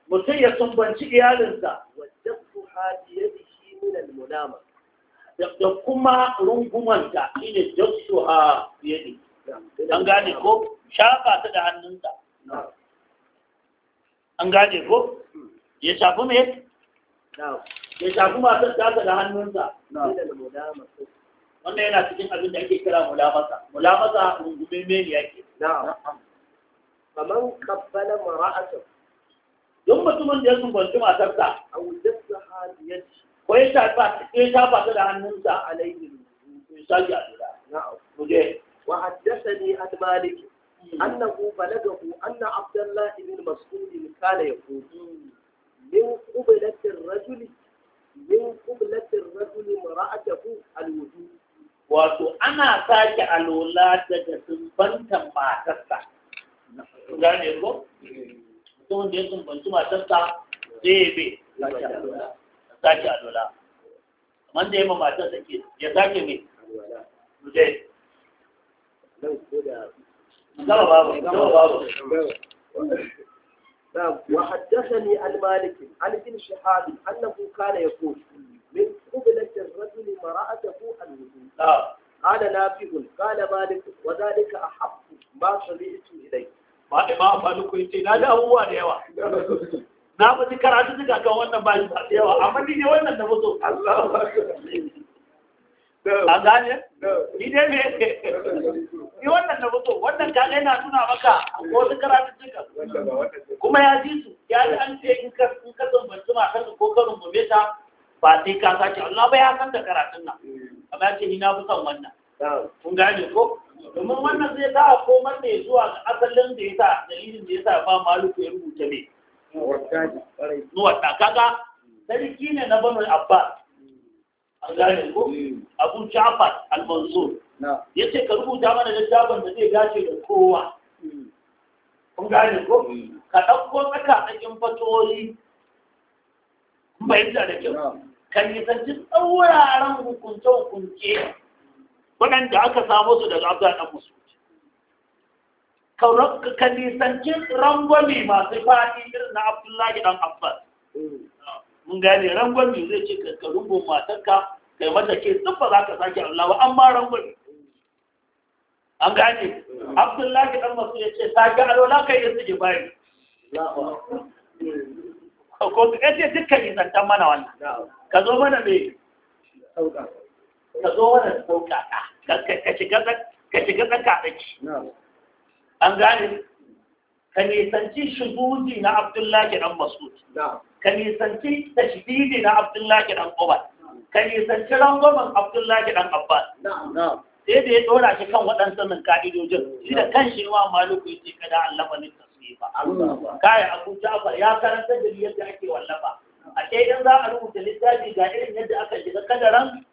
mutum ya sumbanci iyalinsa da kuma rungumanta shine jaksu ha biyadi an gane ko shafa ta da hannunsa an gane ko hmm. ya shafi mai ya shafi masu shafa da hannunsa wannan yana cikin abin da ake kira mulamasa mulamasa rungumin meni yake kaman kabbala mara'atu duk mutumin da ya sumbanci matarsa a wujudda hadiyati ko ya shafa ya shafa ta da hannunsa alaihi ya shafi a dora na'am muje wa haddathani al malik hmm. annahu balagahu anna abdullah ibn mas'ud kana yaqul min qublati ar-rajuli min qublati ar-rajuli mara'atuhu al-wudu wato ana sake alola daga sumbantan matarsa gane ko mutumin da ya sumbanci matarsa zai be sake alola kamar da ya ma matarsa ke ya sake mai zai gaba babu gaba babu وحدثني المالك عن ابن شهاب انه كان يقول من قبلة الرجل مرأته الوجود قال نافع قال مالك وذلك أحب ما سمعت إليه ba ma falu ko yace na da abubuwa da yawa na ba ji karatu daga kan wannan ba da yawa amma ni ne wannan da mutu Allahu akbar a gane ni dai me ni wannan da mutu wannan ka yana tuna maka ko su karatu duka kuma ya ji su ya ji an ce in ka in ka ko karin ba sai ka sace Allah ba ya san da karatun nan hmm. amma ya ce ni na fi son wannan kun gane ko domin wannan zai sa komar da zuwa ga asalin da ya sa dalilin da ya sa ba maluku ya rubuta ne wata kaga sarki ne na banu abbas hmm. an gane ko hmm. abu jafar al-mansur ya ce ka rubuta mana littafin da zai gace da kowa kun gane ko ka ɗauko tsaka tsakin fatoli fahimta da kyau ka tsauraran hukunce-hukunce waɗanda aka samu su daga abdullahi ɗan musulunci rangwami masu faɗi irin na abdullahi ɗan abbas mun gane rangwami zai ce ka rungo matarka kai mata ke tsufa za ka sake allawa an ma rangwami an gane abdullahi ɗan masu ya ce ta ga alola kai ya suke bayi ko ya ce dukkan nisantan mana wannan ka zo mana mai sauka ka shiga mana da ka an gane ka nisanci shubuzi na abdullahi dan masud ka nisanci tashdidi na abdullahi dan umar ka nisanci rangwamen abdullahi dan abbas sai da ya dora shi kan waɗansu ka'idojin shi da kan shi ma maluku ya ce kada allama ne ba. kaya abu ja'far ya karanta da yadda ake wallafa a ce idan za a rubuta littafi ga irin yadda aka shiga kadaran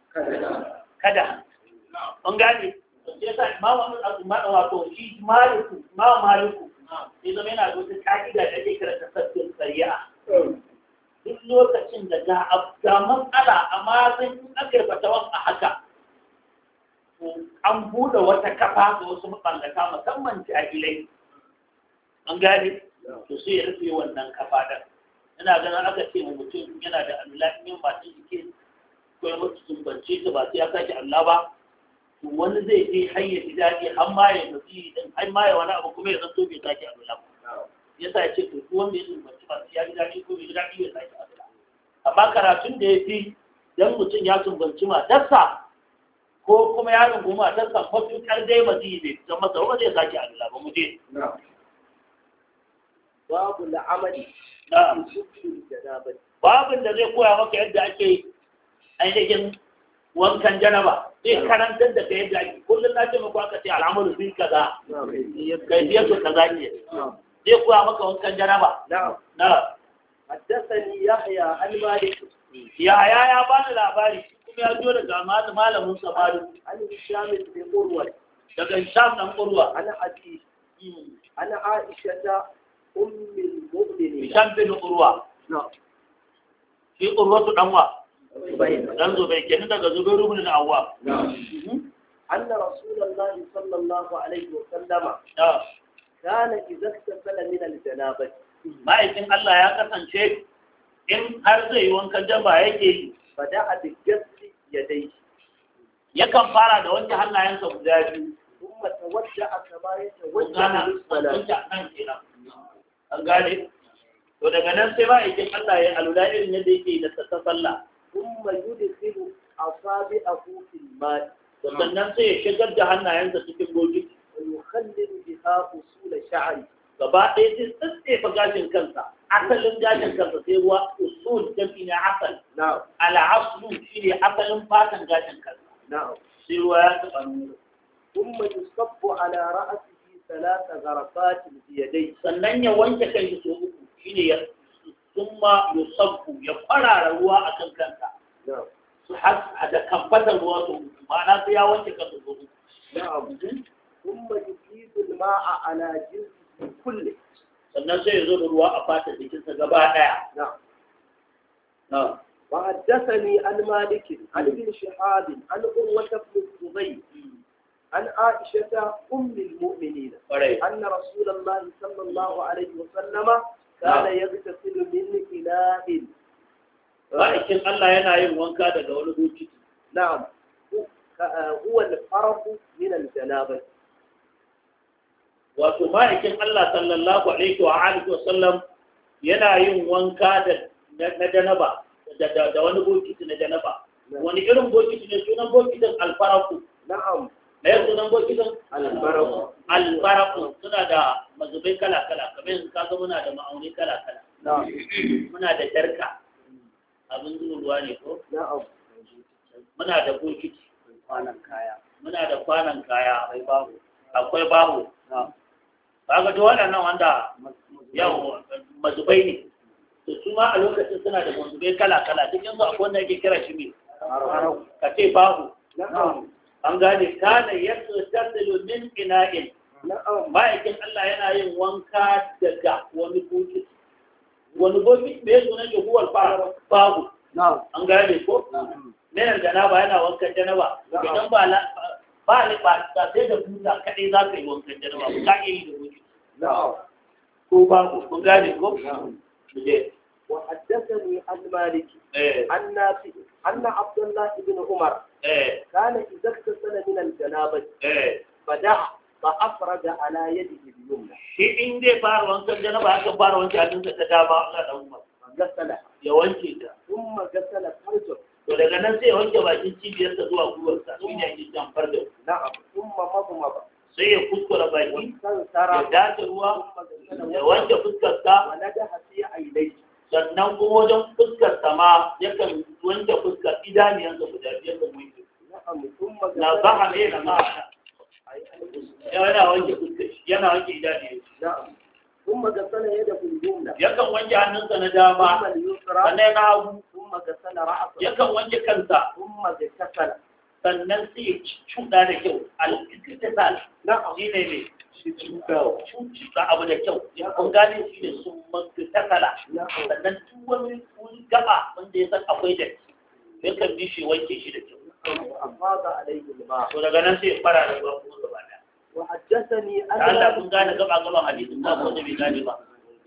kada an gane sa wato shi maliku ma maliku sai zama yana da wata ka'ida da ake kira ta sabbin shari'a duk lokacin da ga ga ala amma sai in aka yi a haka an buɗe wata kafa ga wasu maballaka musamman jahilai an gane to sai ya rufe wannan kafa ina ganin aka ce mu mutum yana da allah in yin matan jike ko ya mutu sumbance ta ba sai ya sa Allah ba to wani zai je har ya amma ya mutu dan har ma ya wani abu kuma ya zanto bai sake Allah ba yasa ya ce to duk wanda ya sumbance ba sai ya ji daɗi ko bai ji daɗi ya sake Allah amma karatun da ya fi dan mutum ya sumbanci matarsa ko kuma ya rungumi matarsa matuƙar dai mazi bai fitan masa ba zai sake Allah ba mu je babu la'amari na'am babin da zai koya maka yadda ake ainihin wankan janaba zai karantar da ka yadda ake kullum na ce maka aka ce al'amarin sun kaza kai biyar su kaza ne zai koya maka wankan janaba na haddasani yahya an yahya ya bani labari kuma ya jo daga malamin sa malik an hisham bin urwa daga hisham Da urwa ana hadi hmm. ana aisha ummul bin urwa shi urwatu dan wa dan zubai kenan daga zubai rubun da awwa anna rasulullahi sallallahu alaihi wa sallama kana idza tasala min al-janabah ma'aikin Allah ya kasance in har zai yi wankan jaba yake yi fada a diggasi ya dai yakan fara da wanke hannayensa guda biyu kuma ta wadda a kama ya ta wadda a nan kenan an gane to daga nan sai ba yake Allah ya alula irin yadda yake da ta sallah kuma yudkhilu asabi'ahu fil ma'i sannan sai ya shigar da hannayensa cikin goji wa yukhallilu biha usul sha'ri gaba ɗaya sai tsatsefa gashin kansa asalin gashin kansa sai ruwa usul jami na asal al'aslu shi ne asalin fatan gashin kansa sai ruwa ya taɓa nuna ثم يصب على ثلاث غرفات بيديه sannan ya wanke kai su uku shine ya thumma yusabbu ya farara ruwa akan kanka su har da kamfatar ruwa su uku ma'ana sai ya wanke kansa su uku na'am thumma yufidu ma'a ala jinsi kulli sannan sai zo da ruwa a fatar jikinsa gaba daya na'am na'am وحدثني عن مالك عن ابن شهاب عن عروة بن الزبير عن عائشة أم المؤمنين أن رسول الله صلى الله عليه وسلم كان يغتسل من إناء رأيكم الله ينعيم وانكا دقول بوجد نعم هو الفرق من الجنابة wato ma'aikin Allah sallallahu alaihi wa sallam yana yin wanka da na da wani bokiti na janaba wani irin bokiti ne sunan bokitin alfaraku na'am ɗaya sunan bokitin albaraku suna da mazubai kala-kala kamar yanzu kaga muna da ma'auni kala-kala muna da darka abin zuwa ruwa ne ko muna da bokiti muna da kwanan kaya akwai baho kaga duk waɗannan wanda yau mazubai ne to su ma a lokacin suna da mazubai kala-kala duk yanzu akwai wanda ake kira shi ne ka ce baho an gane kana yastasilu min ina'in ma'aikin Allah yana yin wanka daga wani bokiti wani bokiti me suna ke huwar babu an gane ko gana janaba yana wankan janaba idan ba ba ne ba ta sai da buta kaɗai za ka yi wankan janaba ba ka yi da wuce ko babu kun gane ko وحدثني عن مالك عن نافع أن عبد الله بن عمر kana izakta sana min aljanaba fada fa afraga ala yadihi al-yumna shi in dai fara wankan janaba haka fara wanke hannunsa ta dama Allah da umma gasala ya wanke ta umma gasala farjo to daga nan sai ya wanke bakin cibiyarsa zuwa gwiwarsa shi ne ake jan farjo na'am umma mazuma ba sai ya kuskura ruwa fuskarsa sannan kuma wajen fuskar sama ya kan wanke fuskar idaniyansa guda biyar da wanke na ba a ne na ma'ana yana wanke fuskar yana wanke wanke hannunsa na dama sannan na hagu kan wanke kansa sannan sai cuɗa da kyau al-iktisal shi ne ne cuɗa abu da kyau kun gane shi ne sun magtasala sannan duk wani wani gaba wanda ya san akwai da ya kan bi shi wanke shi da kyau amma ba ba daga nan sai fara da ruwa kuma gaba da wa haddathani Allah kun gane gaba gaba hadisin ba ko bai gane ba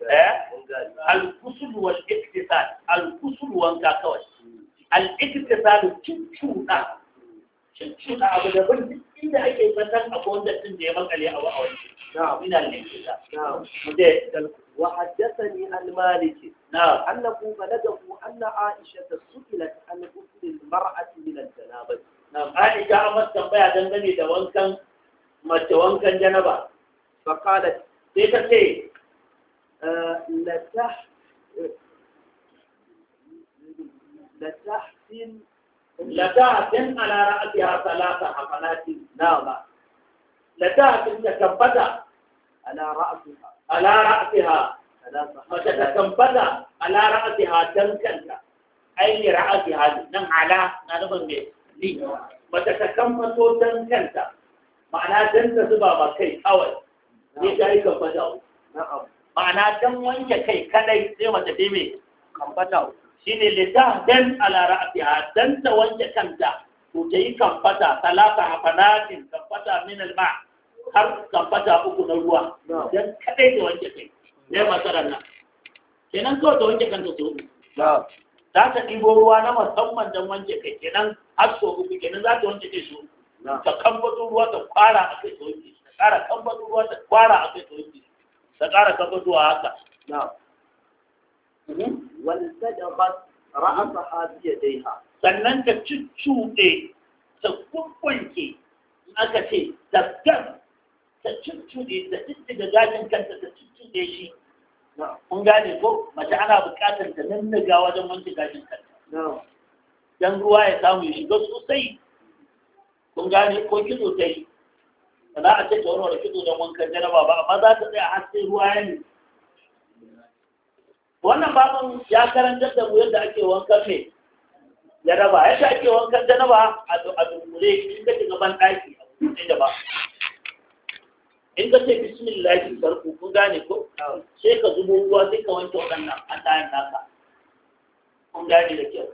eh al-kusul wal iktisal al-kusul wanka kawai al-iktisal cuɗa cikin abu da bin inda ake fatan akwai wanda tun da ya makale a wa wani ina ne kita na'am muje wa haddathani an maliki na'am annahu balagahu anna aisha su'ilat an ghusl al mar'ati min al janabah na'am aisha amma tambaya dangane da wankan mace wankan janaba fa qalat sai ta ce eh, la ta la tahsin ladatin a ra'atiha salata hamalati nama ladatin ta tabbata ala ra'atiha ala ra'atiha mace ta tabbata ala ra'atiha dan kanta ai li ra'atiha nan ala na nufin me li mace kamfato dan ma'ana dan ta zuba ba kai kawai ne ta yi kamfata ma'ana dan wanke kai kadai sai mace ta yi me kamfata shine litahdan ala ra'siha dan ta wanke kanta to ta yi kamfata talata hafanatin kamfata min alma har kamfata uku na ruwa dan kadai ta wanke kai ne masarar nan kenan ko ta wanke kanta so za ta dibo ruwa na musamman don wanke kai kenan har so uku kenan za ta wanke kai so ta kamfato ruwa ta fara a kai ta wanke ta ƙara kamfato ruwa ta fara a kai ta wanke ta ƙara kamfato a haka waltadghat ra'saha bi daiha sannan ka cuccuɗe ta in aka ce daskar ta cuccuɗe ta ɗiɗɗiga gashin kanta ta cuccuɗe shi kun gane ko mace ana buƙatar ta nannaga wajen wanke gashin kanta dan ruwa ya samu ya shiga sosai kun gane ko kitso ta yi za a ce ta warware kitso don wankan jaraba ba amma za ta tsaya har sai ruwa ya wannan babin ya karantar da mu yadda ake wankan ya raba ya ake wankan jaraba a dunkule in ka shiga ban ɗaki a kuɗe da ba in ka ce bismillahi farko kun gane ko sai ka zubo ruwa sai ka wanke waɗannan ɗayan naka kun gane da kyau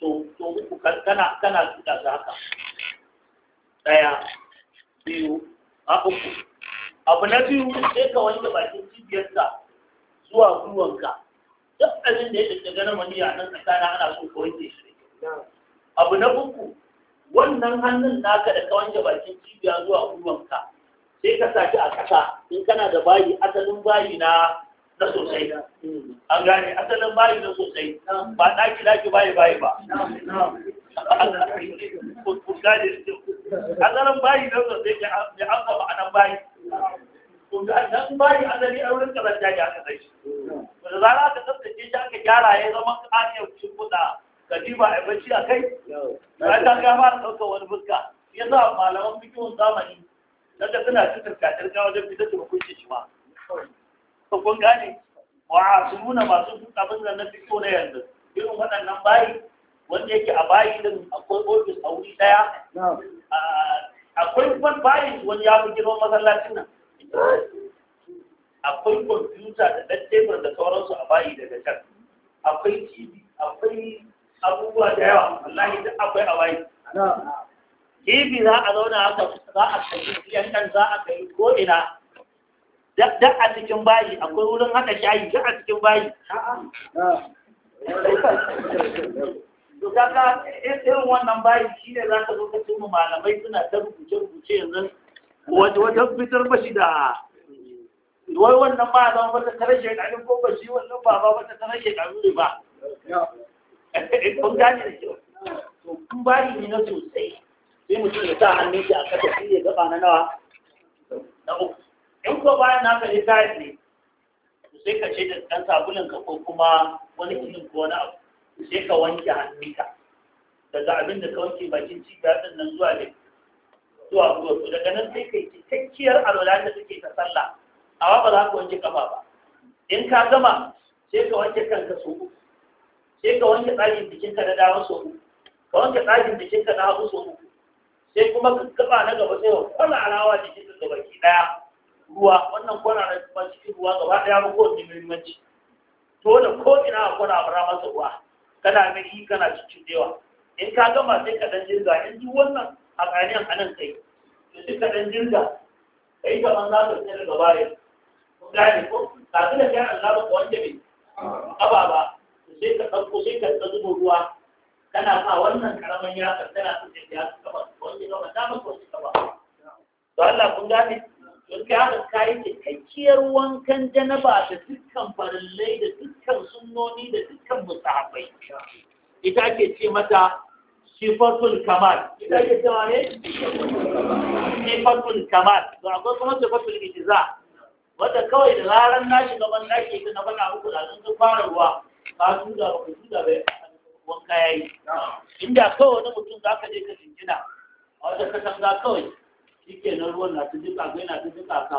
so so uku kana kana tuɗa su haka ɗaya biyu a uku abu na biyu sai ka wanke bakin cibiyarsa zuwa gwiwanka duk abin da ya daddaga na mani nan tsakanin ana so ka wanke shi abu na uku wannan hannun naka da ka wanke bakin cibiya zuwa gwiwanka sai ka sa shi a ƙasa in kana da bayi asalin bayi na na sosai an gane asalin bayi na sosai ba ɗaki ɗaki bayi bayi ba asalin bayi na sosai da an gaba a nan bayi kunga nan bayi azali a wurin kazanta ya aka sai zara aka tsaftace shi aka gyara ya zama katifa a bacci a kai ya ta ga fara ɗaukar wani fuska ya sa bikin zamani daga suna cikin katarka wajen fitar da hukunci shi wa masu abin da na fito na yanzu irin waɗannan bayi wanda a bayi akwai ofis a wuri ɗaya akwai bayi wani ya fi girman masallacin nan akwai kwamfuta da ɗan da sauransu a bayi daga can akwai tv akwai abubuwa da yawa wallahi duk akwai a bayi tv za a zauna haka za a kai kan za a kai ko ina duk a cikin bayi akwai wurin haɗa shayi duk a cikin bayi Duka ka irin wannan bayi shi ne za ka zo ka malamai suna ta rubuce-rubuce yanzu wajen fitar ba shi da wai wannan ba zama wata tare shekaru ko ba shi wannan ba ba wata tare shekaru ne ba kun gane da kyau kun bari ne na sosai sai mutum ya sa hannun shi a kasa shi ya gaba na nawa na uku in ko bayan na kalli tayi ne sai ka ce da ɗan sabulin ka ko kuma wani kilin ko wani abu sai ka wanke hannunka daga abin da ka wanke bakin cikin ɗin nan zuwa da zuwa zuwa su daga nan sai kai cikakkiyar alwala da suke ta sallah amma ba za ku wanke kafa ba in ka gama sai ka wanke kanka su uku sai ka wanke tsarin jikinka na dama su uku ka wanke tsarin jikinka na hagu su uku sai kuma ka gaba na gaba sai ka kwana alawa jikinka gaba ki daya ruwa wannan kwana na kuma cikin ruwa gaba daya ba ko wani muhimmanci to da ko ina kwana bara masa ruwa kana mai kana cikin dewa in ka gama sai ka dan jirga in ji wannan a ƙanin a nan kai to shi ka ɗan jirga ka yi gaban za ka fita daga bayan kun gane ko kafin da kayan Allah ba ka wanke mai ababa sai ka ɗauko sai ka ta zubo ruwa kana sa wannan karamin yatsar tana su da ya suka ba wanda ya wata maka wasu ka ba to Allah kun gane in ka haka kayi cikakkiyar wankan janaba da dukkan farillai da dukkan sunnoni da dukkan musahabai ita ake ce mata sifatul kamal idan ya cewa ne sifatul kamal to akwai kuma sifatul ijza Wadda kawai da zaran na shiga ban daki ta na bana uku da sun fara ruwa ba su da ba su da ba wanka yi. inda kawai wani mutum za ka je ka jingina a wajen katanga kawai shike na ruwan na ta jika ga yana ta jika ka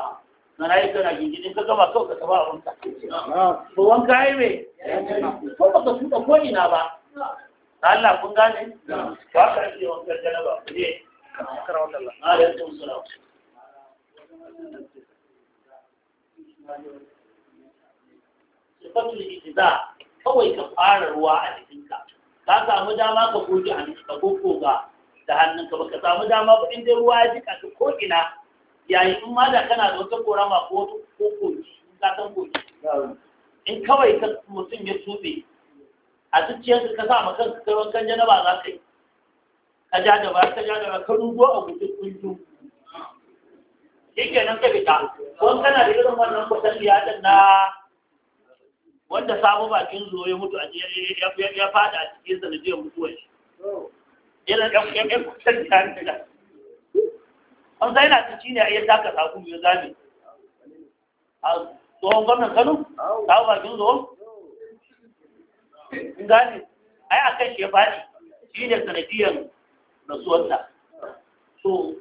na rayu kana jingina ka gama kawai ka taba a wanka ba wanka yayi me ko ba ka tuka ko ina ba Allah kun gane ba ka rage wankan janaba ne alaikum salam sifatul ijza kawai ka fara ruwa a jikinka ka samu dama ka goge hannu ka gogoga da hannunka ba ka samu dama ba inda ruwa ya jika ka ko'ina. ina yayin in ma da kana da wata korama ko wata ko in ka san koji in kawai ka mutum ya tube a zuciyarka ka sa ma kanka kai wankan ba za ka yi ka ja da ba ka ja da ka rugo a guji kunju nan ka fita wani kana da irin wannan kwatan liyatan na wanda samu bakin zuwa ya mutu a ya fada a cikin sanadiyar mutuwar shi irin ɗan kwatan liyatan da an sai na ci ne a iya taka sakun ya zame a tsohon gwamnan kano samu bakin zuwa a yi akan shi ya faɗi shi ne sanadiyar rasuwarsa so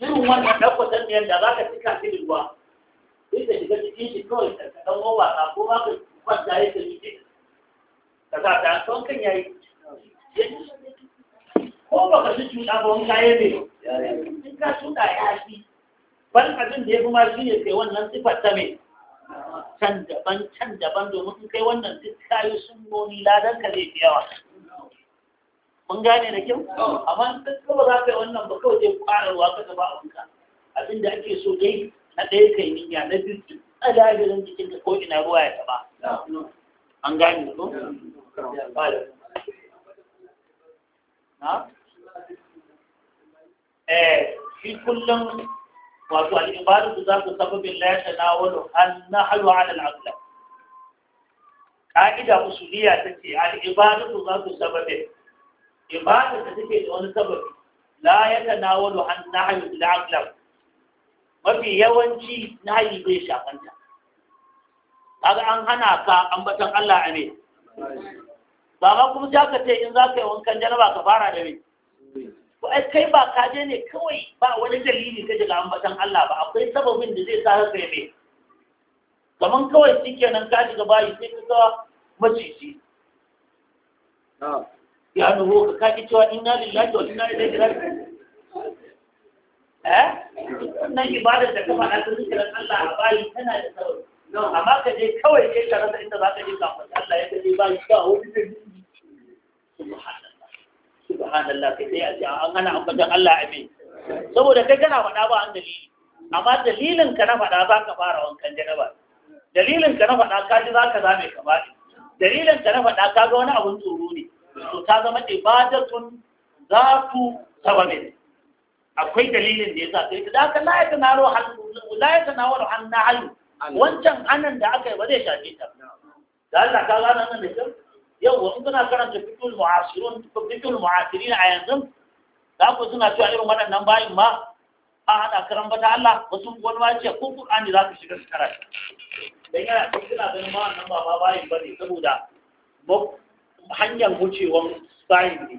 irin wannan ɗaukatan ne yadda za ka cika shi ruwa duk da shiga cikin shi kawai ka ɗan wawaka ko ma ka kwanta ya ka miƙe ka sa ta son kan yayi ko ba ka su cuta ba wani kayan ne in ka cuta ya shi ban abin da ya fi ma shi ne sai wannan sifar ta mai can daban can daban domin in kai wannan duk kayi sunnoni ladan ka zai fi yawa mun gane da kyau amma duk kaba za ka yi wannan ba kawai zai kwararwa ka gaba abinka abinda ake so dai na ɗaya kai niyya na biyu ki tsada jikin ka ko ina ruwa ya taba an gane ko eh shi kullum wato al'ibadatu za ku sababin na wani an nahlu ala al'aqla ka'ida Musuliya ta ce al'ibadatu za ku bin ibada da take da wani sababi la ya wani an nahyu bil aqla mafi yawanci na yi bai shafanta kaga an hana ka ambatan Allah a ne ba ma kuma za ka ce in za ka yi wankan jaraba ka fara da me kai ba ka je ne kawai ba wani dalili ka daga ambatan Allah ba akwai sababin da zai sa haka ya mai kaman kawai shi kenan ka shiga bayi sai ka ga maciji ya nuhu ka kaji cewa inna lillahi wa inna ilaihi raji'un eh nan ibadar da kuma na zikirin Allah a bayi tana da sauri amma ka je kawai kai ka rasa inda za ka je kafin Allah ya kaje bayi ka hudu da subhanallah subhanallah kai sai a ce an hana ambatan Allah a me saboda kai kana faɗa ba an dalili amma dalilin ka na faɗa za ka fara wankan janaba dalilin ka na faɗa ka ji za ka zame ka ba dalilin ka na faɗa ka ga wani abun tsoro ne to ta zama ibadatun saba sababin akwai dalilin da ya sa sai da ka la na ro hannu la na ro hannu wancan anan da aka yi ba zai shafe ta da Allah ka gano nan da kyau yau in kana karanta fitul mu'asirun fitul mu'asirin a yanzu za ku suna cewa irin waɗannan bayin ma a haɗa karan bata Allah wasu wani ma ce ko Qur'ani za ku shiga su karanta dan yana cikin suna ganin ma wannan ba ma bayin bane saboda hanyar wucewan bayin ne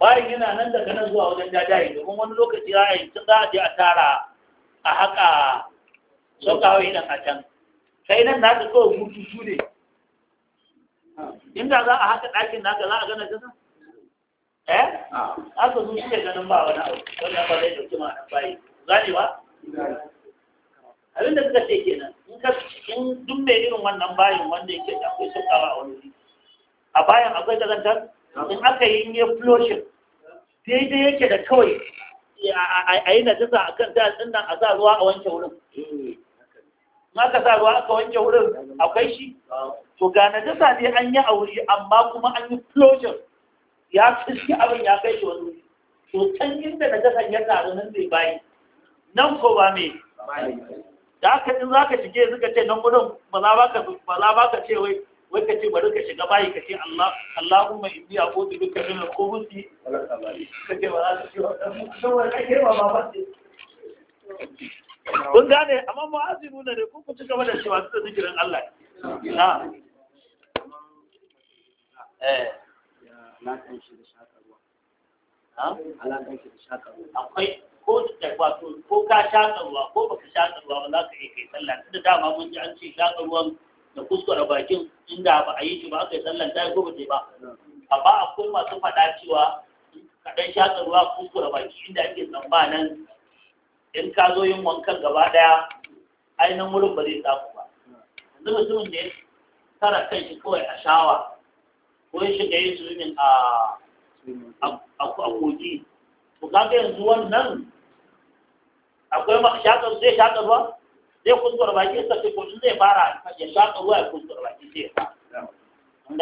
bayin yana nan daga nan zuwa wajen jajaye domin wani lokaci za a yi za a je a tara a haka sauƙawa idan a can sai nan na ta kawai mutu su ne inda za a haka ɗakin naka za a gana jasa eh ah. aka zo suke ganin ba wani abu wannan ba zai dauki ma nan bayi gane ba abin da suka ce kenan in ka in duk mai irin wannan bayin wanda yake da akwai sauƙawa a wani a bayan akwai kazantar in aka yi ne flushing daidai yake da kawai a yi najasa a kan ta ɗin a sa ruwa a wanke wurin hmm. maka sa ruwa aka wanke wurin akwai shi to ga najasa ne an yi aure amma kuma an yi closure ya fiski abin ya kai shi wani to can inda najasan ya taru nan zai bayi nan ko ba me da aka in za ka shige suka ce nan gudun ba za ba ka ce wai wai ka ce bari ka shiga bayi ka ce Allah Allahumma inni a'udhu bika min al-khubuthi ka ce ba za ka ce ba ba ba kun gane amma ma'azi nuna ne kun ci gaba da cewa da zikirin Allah eh. akwai ko da wato ko ka shakarwa ko baka shakarwa ba za ka iya kai sallah tunda dama mun ji an ce shakarwan da kuskure bakin inda ba a yi shi ba aka yi sallan ta ko ba ta ba amma akwai masu faɗa cewa kaɗan shakarwa kuskure baki inda ake tsamba nan in ka zo yin wankan gaba ɗaya ainihin wurin ba zai samu ba yanzu mutumin da ya tara kan shi kawai a shawa ko ya shiga yin swimming a a kogi to kaga yanzu wannan akwai ma shaƙar zai shaƙar ruwa zai kuskura ba ke sai ko zai fara ya shaƙar ruwa ya kuskura baki sai ya fara an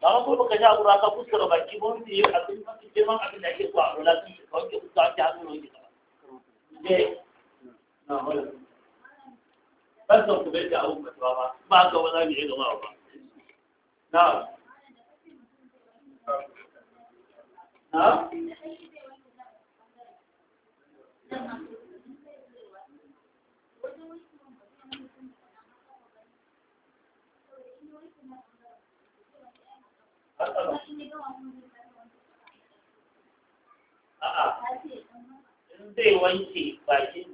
ba ma ko baka ja ruwa ka kuskura baki ba wani yi mafi girman abin da ake zuwa a ba, wani shi kawai ke kuskura ta hannu ne ne ku bai da abun fatuwa ba ba ga wani ba na na A'a. zai wanke bakin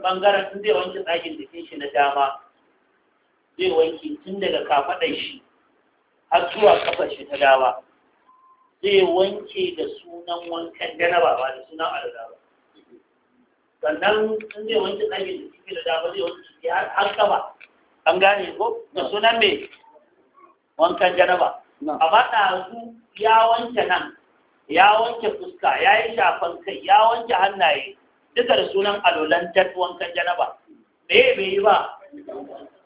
bangaren sun zai wanke tsakin jikin shi na dama zai wanke tun daga kafaɗar shi har zuwa kafar shi ta dama zai wanke da sunan wankan janaba ba da sunan alzaba sannan sun zai wanke tsakin jikin shi na dama zai wanke shi har ba an gane ko da sunan me wankan janaba amma ɗazu ya wanke nan ya wanke fuska ya yi shafan kai ya wanke hannaye duka da sunan alolan tat wankan janaba me bai yi ba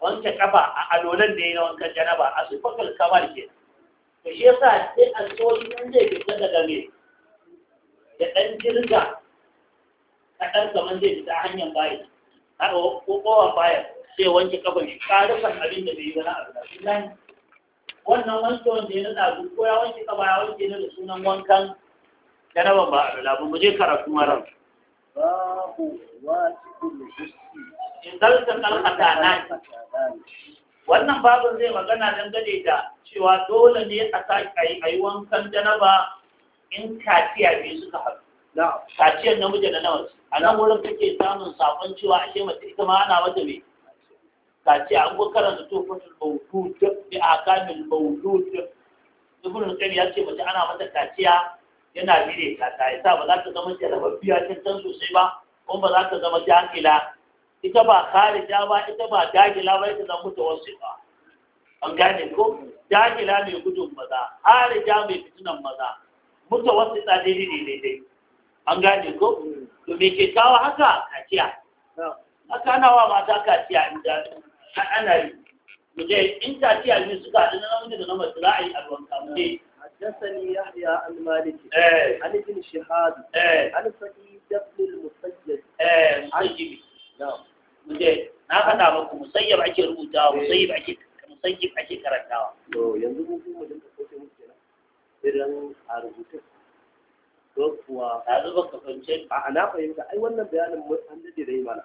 wanke kafa a alolan da ya yi na wankan janaba a sufakal kamar ke to shi yasa sai a tsohon nan zai fita daga mai da ɗan jirga ɗan kamar zai fita hanyar bayan haka kowa bayan sai wanke kafa shi ƙarfan abin da bai yi wani abu da shi wannan wanke wanda ya nada duk ko ya wanke kaba ya wanke ne da sunan wankan jaraban ba alula ba mu je karatu mara babu wajibul husni in zalta kalkata wannan babin zai magana dangane da cewa dole ne a sake a yi wankan janaba in kaciya biyu suka haɗu kaciyar namiji da na wasu a nan wurin kake samun sakon cewa ashe mace ita ma ana mata mai kace an go karanta tufatul mawlud bi akamil mawlud ibn al ya ce mace ana mata kaciya yana dire ta ta yasa ba za ta zama jarababbiya tantan sosai ba kuma ba za ta zama jahila ita ba kharija ba ita ba dagila ba ita zama ba an gane ko dagila mai gudun maza kharija mai fitinan maza mutawassita daidai ne daidai an gane ko hmm. to me ke kawo haka kaciya haka ana wa mata kaciya inda har ana yi muje in tafiya suka haɗu na namiji da na mace za a yi alwan kamune حدثني يحيى عن مالك عن ابن شهاب عن سعيد بن المسيب مسيب نعم na faɗa muku musayyab ake rubutawa musayyab ake musayyab karantawa yanzu mun kuma da kake muku kenan irin a rubutu ko zuba ka fahimce na fahimta ai wannan bayanin mun mana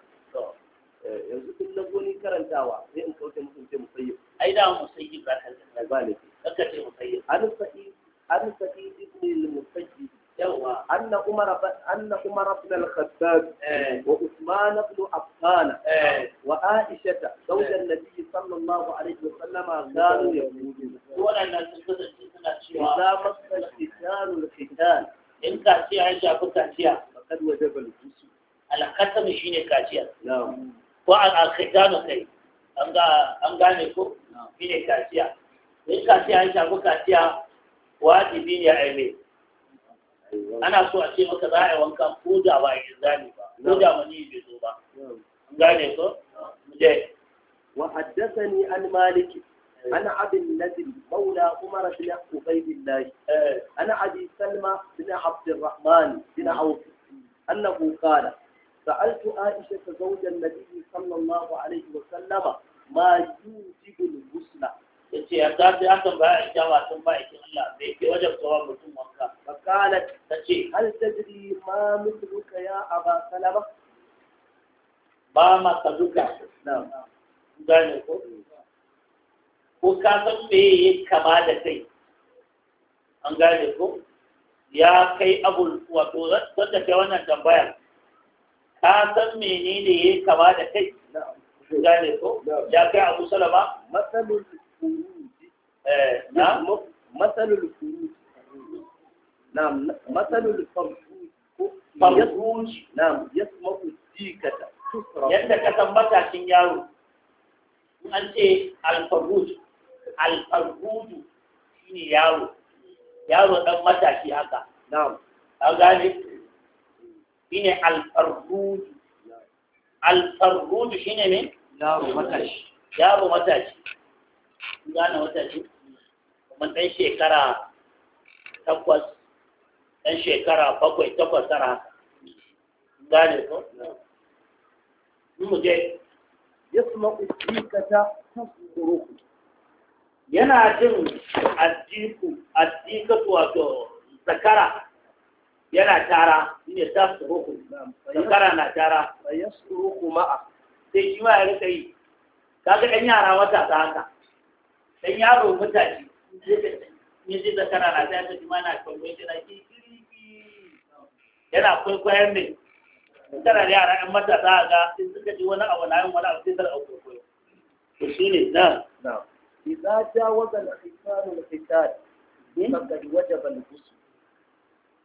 Eh, yanzu na wani karantawa sai in kauce musu ce musayyib ai da musayyib ba kan ba ne kaka ce musayyib an sa'i an sa'i ibn al-musayyib yawa anna umar anna umar ibn al-khattab eh. wa usman ibn affan eh. wa aisha zawj an-nabi sallallahu alaihi wa sallam kanu yaqulun wannan sun kasance suna cewa idza massa al-qitalu al-qital in kaciya ya ko kaciya faqad wajaba al-ghusl al-qasam shine kaciya na'am ko al'akidanu kai an gane ko shi ne kaciya in kaciya ya shafi kaciya wajibi ne a ana so a ce maka za a yi wankan ko da ba a yi zani ba ko da mani bai zo ba an gane ko je وحدثني عن مالك عن عبد النذر مولى عمر بن عبيد الله عن ابي سلمى بن عبد الرحمن بن عوف انه قال سألت عائشة زوج النبي صلى الله عليه وسلم ما يوجب الغسل yace ya ta da aka ba a jawa tun ba ikin Allah bai ke wajen kowa mutum wanka fa qalat tace hal tadri ma ma kaduka na'am gane ko ko ka san me yake kama an gane ko ya kai abul wato wannan tambayar ka san menene yayi kama da kai gane ko ya kai Abu Salama masalul eh na masalul نعم مثل الفرج نعم يسمع الديكة yadda ka san matashin yaro an ce alfarruj alfarruju shine yaro yaro dan matashi haka na'am an gane shine al-farruj al-farruj shine ne yaro matashi yaro matashi gane matashi kuma ɗan shekara takwas ɗan shekara bakwai takwas tara gane ko mu je yasma'u ta tasburuhu yana jin addiku addikatu wato zakara yana tara shine tasruku zakara na tara yasruku ma'a sai shi ma ya rika yi kaga ɗan yara wata ta haka ɗan yaro mutane ne zai na tara shi ma na kwanwai yana yana kwaikwayar ne tara da yara ɗan mata ta haka sai suka ji wani abu na yin wani abu sai zara abu to shi ne na na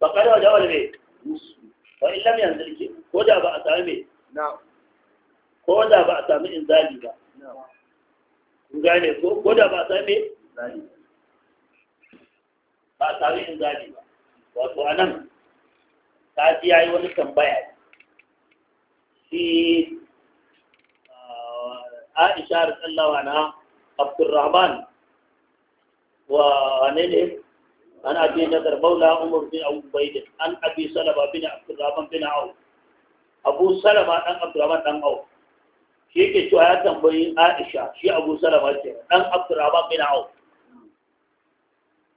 Baka kare wa jawal ne wa in lam a sami me ko da ba a sami inzali ba ba a a sami inzali ba wato ah, Abdurrahman ne عن أبي نذر مولى عمر بن أبو بيد عن أبي سلمة بن عبد الرحمن بن عوف أبو سلمة عن عبد الرحمن بن عوف shi ke cewa ya tambayi Aisha shi Abu Salama ce dan Abdurrahman bin Auf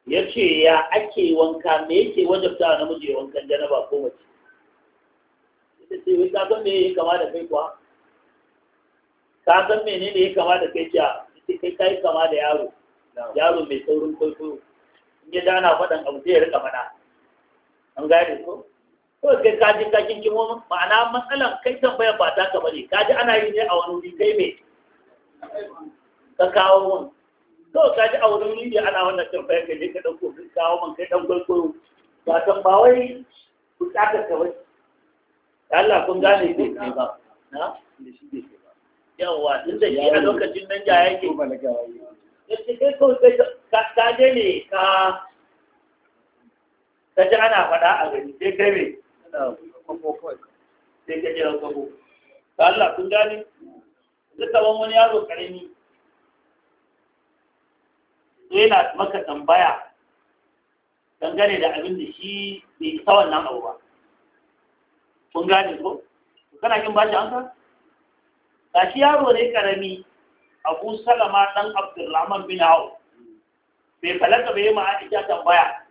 ya ce ya ake wanka me yake wajabta namiji ya wankan janaba ko mace ita ce wai ka san me ya kama da kai kuwa ka san menene ya kama da kai cewa ita kai kai kama da yaro yaro mai saurin kwaikwayo ya dana faɗan abu zai rika faɗa an gane ko ko kai ka ji ka kinki mu ma'ana matsalan kai tambayar ba ta ka bane ka ji ana yi ne a wani wuri kai me ka kawo mun to ka ji a wani wuri ne ana wannan tambayar kai ne ka dauko ka kawo mun kai dan kwaikwayo ba san ba wai tsaka ka wai Allah kun gane ne ba na da shi ke yawa tun da shi a lokacin nan ja yake ya ce kai kawai sai ka je ne ka ka ji ana faɗa a gani sai kai me sai ka jira kwabo ka Allah kun gane duk kaman wani yaro karami yana maka tambaya dangane da abin da shi bai isa wannan abu ba kun gane ko kana kin shi an ka shi yaro ne karami abu salama dan abdurrahman bin hawa bai falaka bai yi ma aisha tambaya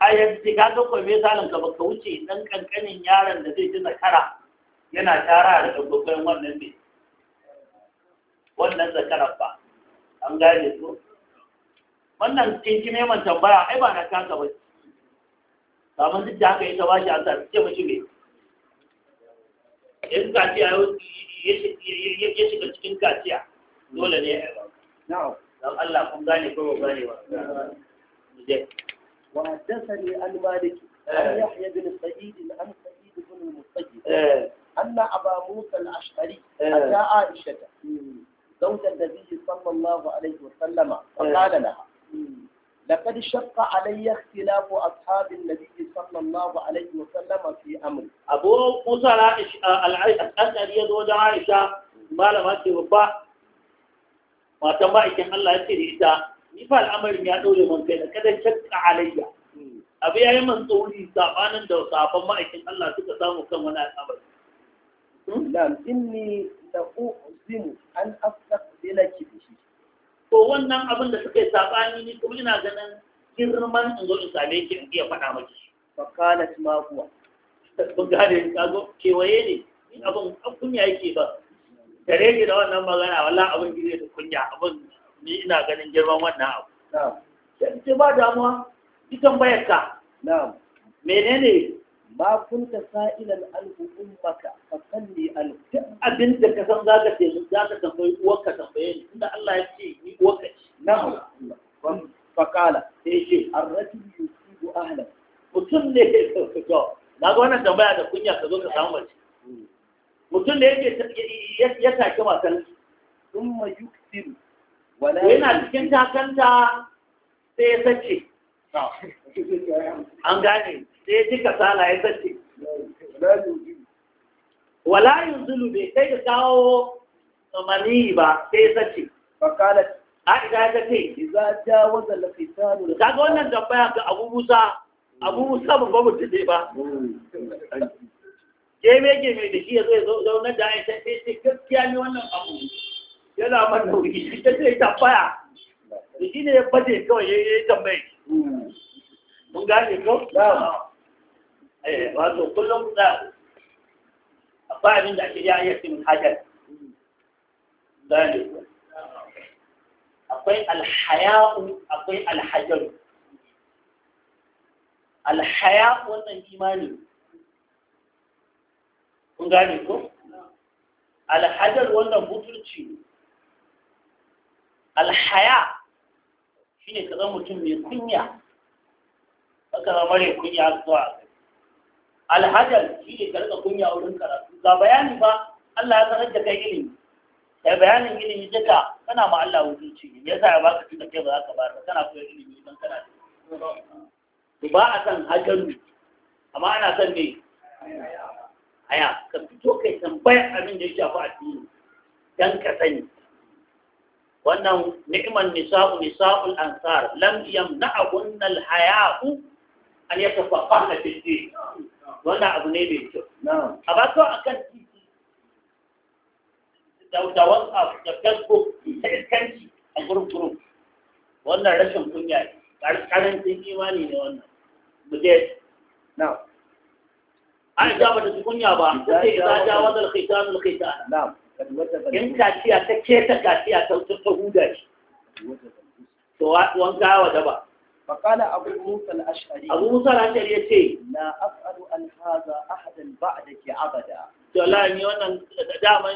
a yanzu ka ta misalin ka baka wuce dan kankanin yaron da zai ji zakara yana tara da dokokin wannan ne wannan zakarar ba an gane su wannan kinki neman tambaya ai ba na kasa ba kamar duk da haka ita ba shi asar ce mashi ne in kaciya ya shiga cikin kaciya dole ne ya yi ba dan Allah kun gane ko ba gane ba je wa haddathani al-malik yahya bin sa'id an sa'id bin al-musayyib anna aba musa al-ash'ari ata aisha زوج النبي صلى الله عليه وسلم فقال لها لقد شق علي اختلاف أصحاب النبي صلى الله عليه وسلم في أمر أبو موسى الأشعري يدوج عائشة ما لم تبقى matan ma'aikin Allah ya ce da ita ni fa al'amarin ya dole man kai da kada shakka alayya abu yayi man tsori sabanin da sabon ma'aikin Allah suka samu kan wani al'amari hmm? na'am inni la uzimu an bila bihi to wannan abin da suka yi sabani ni kuma ina ganin girman in zo in same ki in iya faɗa maki fakalat ma kuwa kun gane ka zo kewaye ne abin kunya yake ba gare ni da wannan magana wala abin gire da kunya abin ni ina ganin girman wannan abu Na'am. Sai ba damuwa ita tambayar ka menene ma kunta sa'ilan alhu ummaka fa kalli al abin da ka san zaka ce zaka tambayi uwarka tambaye ni inda Allah ya ce ni uwarka ce na'am fa kala sai ce arrajul yusibu ahla mutum ne ke ka ga wannan tambaya da kunya ka zo ka samu mace mutum da yake ya take wasan sun ma yuksiru yana cikin takanta sai ya sace ah. an gane sai ya ji kasala ya sace wala zulu bai kai da kawo mani ba sai ya sace fakalat aisha ta ce idza jawaza al-qitalu kaga wannan tambaya ga Abu Musa Abu Musa babban mutum ne ba hmm. geme-geme da shi ya zo zaunar da aisha sai gaskiya ne wannan abu yana mata shi ta da shi ne ya kawai ya yi tambayi mun gane ko? Eh, wato kullum da akwai abin da ake hajar gane akwai alhaya'u akwai alhajar alhaya wannan imani kun gane ko alhajar wannan mutunci alhaya shi ne kaza mutum mai kunya baka zama mai kunya zuwa alhajar shi ne ka kunya wurin karatu ga bayani ba Allah ya sanar da kai ilimi da bayanin ilimi duka kana ma Allah mutunci ne yasa ya baka tunda kai ba za ka ba ka kana koyar ilimi idan kana ba a san hajaru amma ana san ne haya ka fito kai tambaya abin da ya shafi addini dan ka sani wannan ni'man nisa'u nisa'ul ansar lam yamna'unna al-haya'u an yatafaqahna fi din wannan abu ne mai kyau a ba to akan titi da da WhatsApp da Facebook da iskanci a group group wannan rashin kunya ne karancin imani ne wannan mu je na an ja ba ta tukunya ba sai a ja wata alkhitan alkhitan na'am in ta ke ta ta ta huda to wa wan ga da ba fa kana abu musa ya ce na af'alu an hadha ahadan ba'daki abada to la ni wannan da ma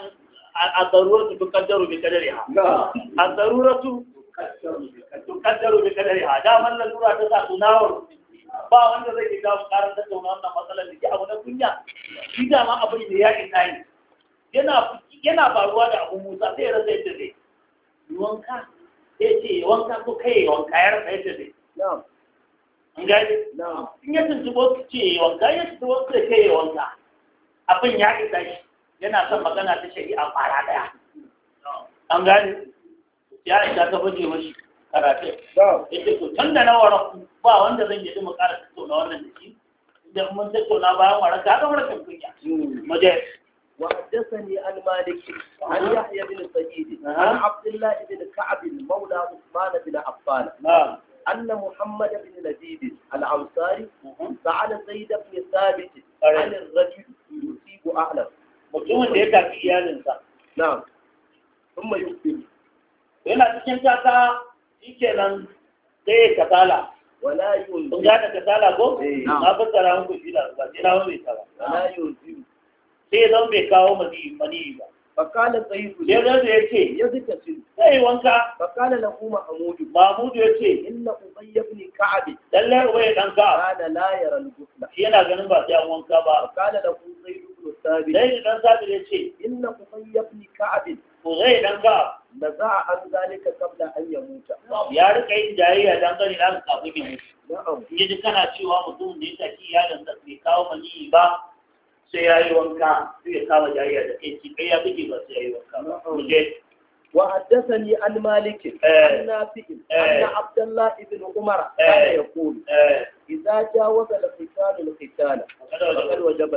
a daruratu bi qadaru bi qadariha na'am a daruratu bi qadaru bi qadariha da man lura ta sa tunawar ba wanda zai iya mu karar da wannan matsalar da ke abu na kunya shi da ma abin da ya ina yi yana yana faruwa da abu musa sai ya rasa yadda zai yi wanka ya ce wanka ko kai wanka ya rasa yadda zai an gani in ya tuntu ko ce wanka ya tuntu ko ce kai wanka abin ya yi shi yana son magana ta shari'a fara daya an gani ya isa ta fage mashi karatun yake to tun da na waran ba wanda zan yi mu ƙara tattauna wannan jiki da mun tattauna bayan waran ka ga waran kunya maje hmm. وحدثني عن مالك عن يحيى بن سعيد عن عبد الله بن كعب مولى عثمان بن عفان أن محمد بن لبيب الأنصاري سأل زيد بن ثابت عن الرجل يصيب أهله mutumin da ya tafi iyalinsa. Na'am. Kuma Yana cikin kaka shikenan sai kasala wala yun kun gane kasala ko eh. na fassara muku shi da ba sai na wani ta ba wala yun sai zan bai kawo mani mani ba fakala sayyidu sai zan ya ce ya zika shi sai wanka fakala la kuma amudu mahmud ya ce inna ubayy ibn ka'ab lalle ubayy dan ka'ab kana la yara al-ghusla yana ganin ba sai an wanka ba fakala la kuma sayyidu ibn sabit sai dan sabit ya ce inna ubayy ibn ka'ab ubayy dan ka'ab da za a an zalika kabla an ya mutu ya rika yin jayayya don gani na ka kafin ya mutu in ji kana cewa mutum da ya taki iyalin da bai kawo mani ba sai ya yi wanka sai ya kama jayayya da kai kai ya buge ba sai ya yi wanka mu je وحدثني عن مالك na نافع أن Umar, الله eh. eh. ya عمر كان يقول إذا جاوز القتال القتال فقد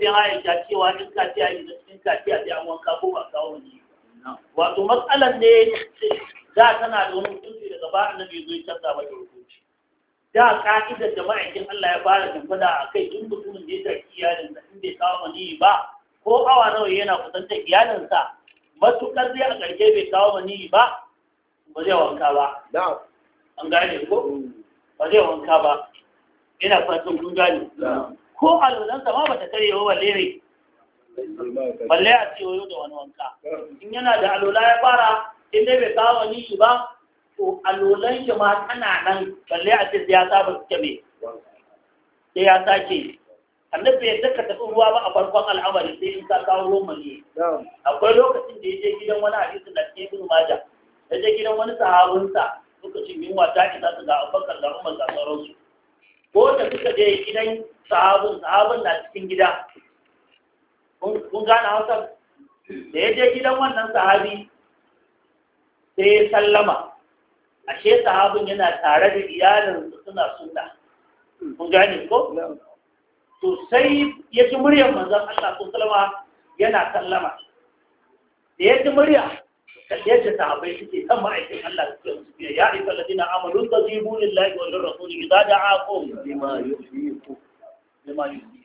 cewa in ka ci a cikin ka a yi an wanka ko ba kawo ne. wato matsalar ne da tana da wani hukunci daga ba annabi zo ya canza mata hukunci da ka'idar da ma'aikin Allah ya fara tambada a kai in mutumin da ya tafi iyalinsa in bai kawo mani ba ko awa nawa yana kusanta iyalinsa matukar zai a ƙarshe bai kawo mani ba ba zai wanka ba an gane ko ba zai wanka ba yana fatan kun gane ko alwalansa ma ta karyewa ba lere balle a ce wayo da wani wanka in yana da alola ya fara in dai bai kawo wani shi ba to alolan shi ma tana nan balle a ce sai ya saba suke mai sai ya sake annabi ya daka tafi ruwa ba a farkon al'amari sai in ka kawo ruwan ne akwai lokacin da ya je gidan wani hadisin da ke bin maja ya je gidan wani sahabunsa, lokacin yunwa ta isa su ga abubakar da umar da sauransu ko da suka je gidan sahabun? Sahabun na cikin gida kun gane hausa da ya je gidan wannan sahabi sai ya sallama ashe sahabin yana tare da iyalinsa suna suna kun gane ko to sai ya ci muryar manzon Allah sun sallama yana sallama da ya ci murya yadda sahabai suke kan ma'aikin Allah suke musu biya ya isa ladina amalu tajibu lillahi wa lirrasuli idza da'akum lima yuhyikum lima yuhyikum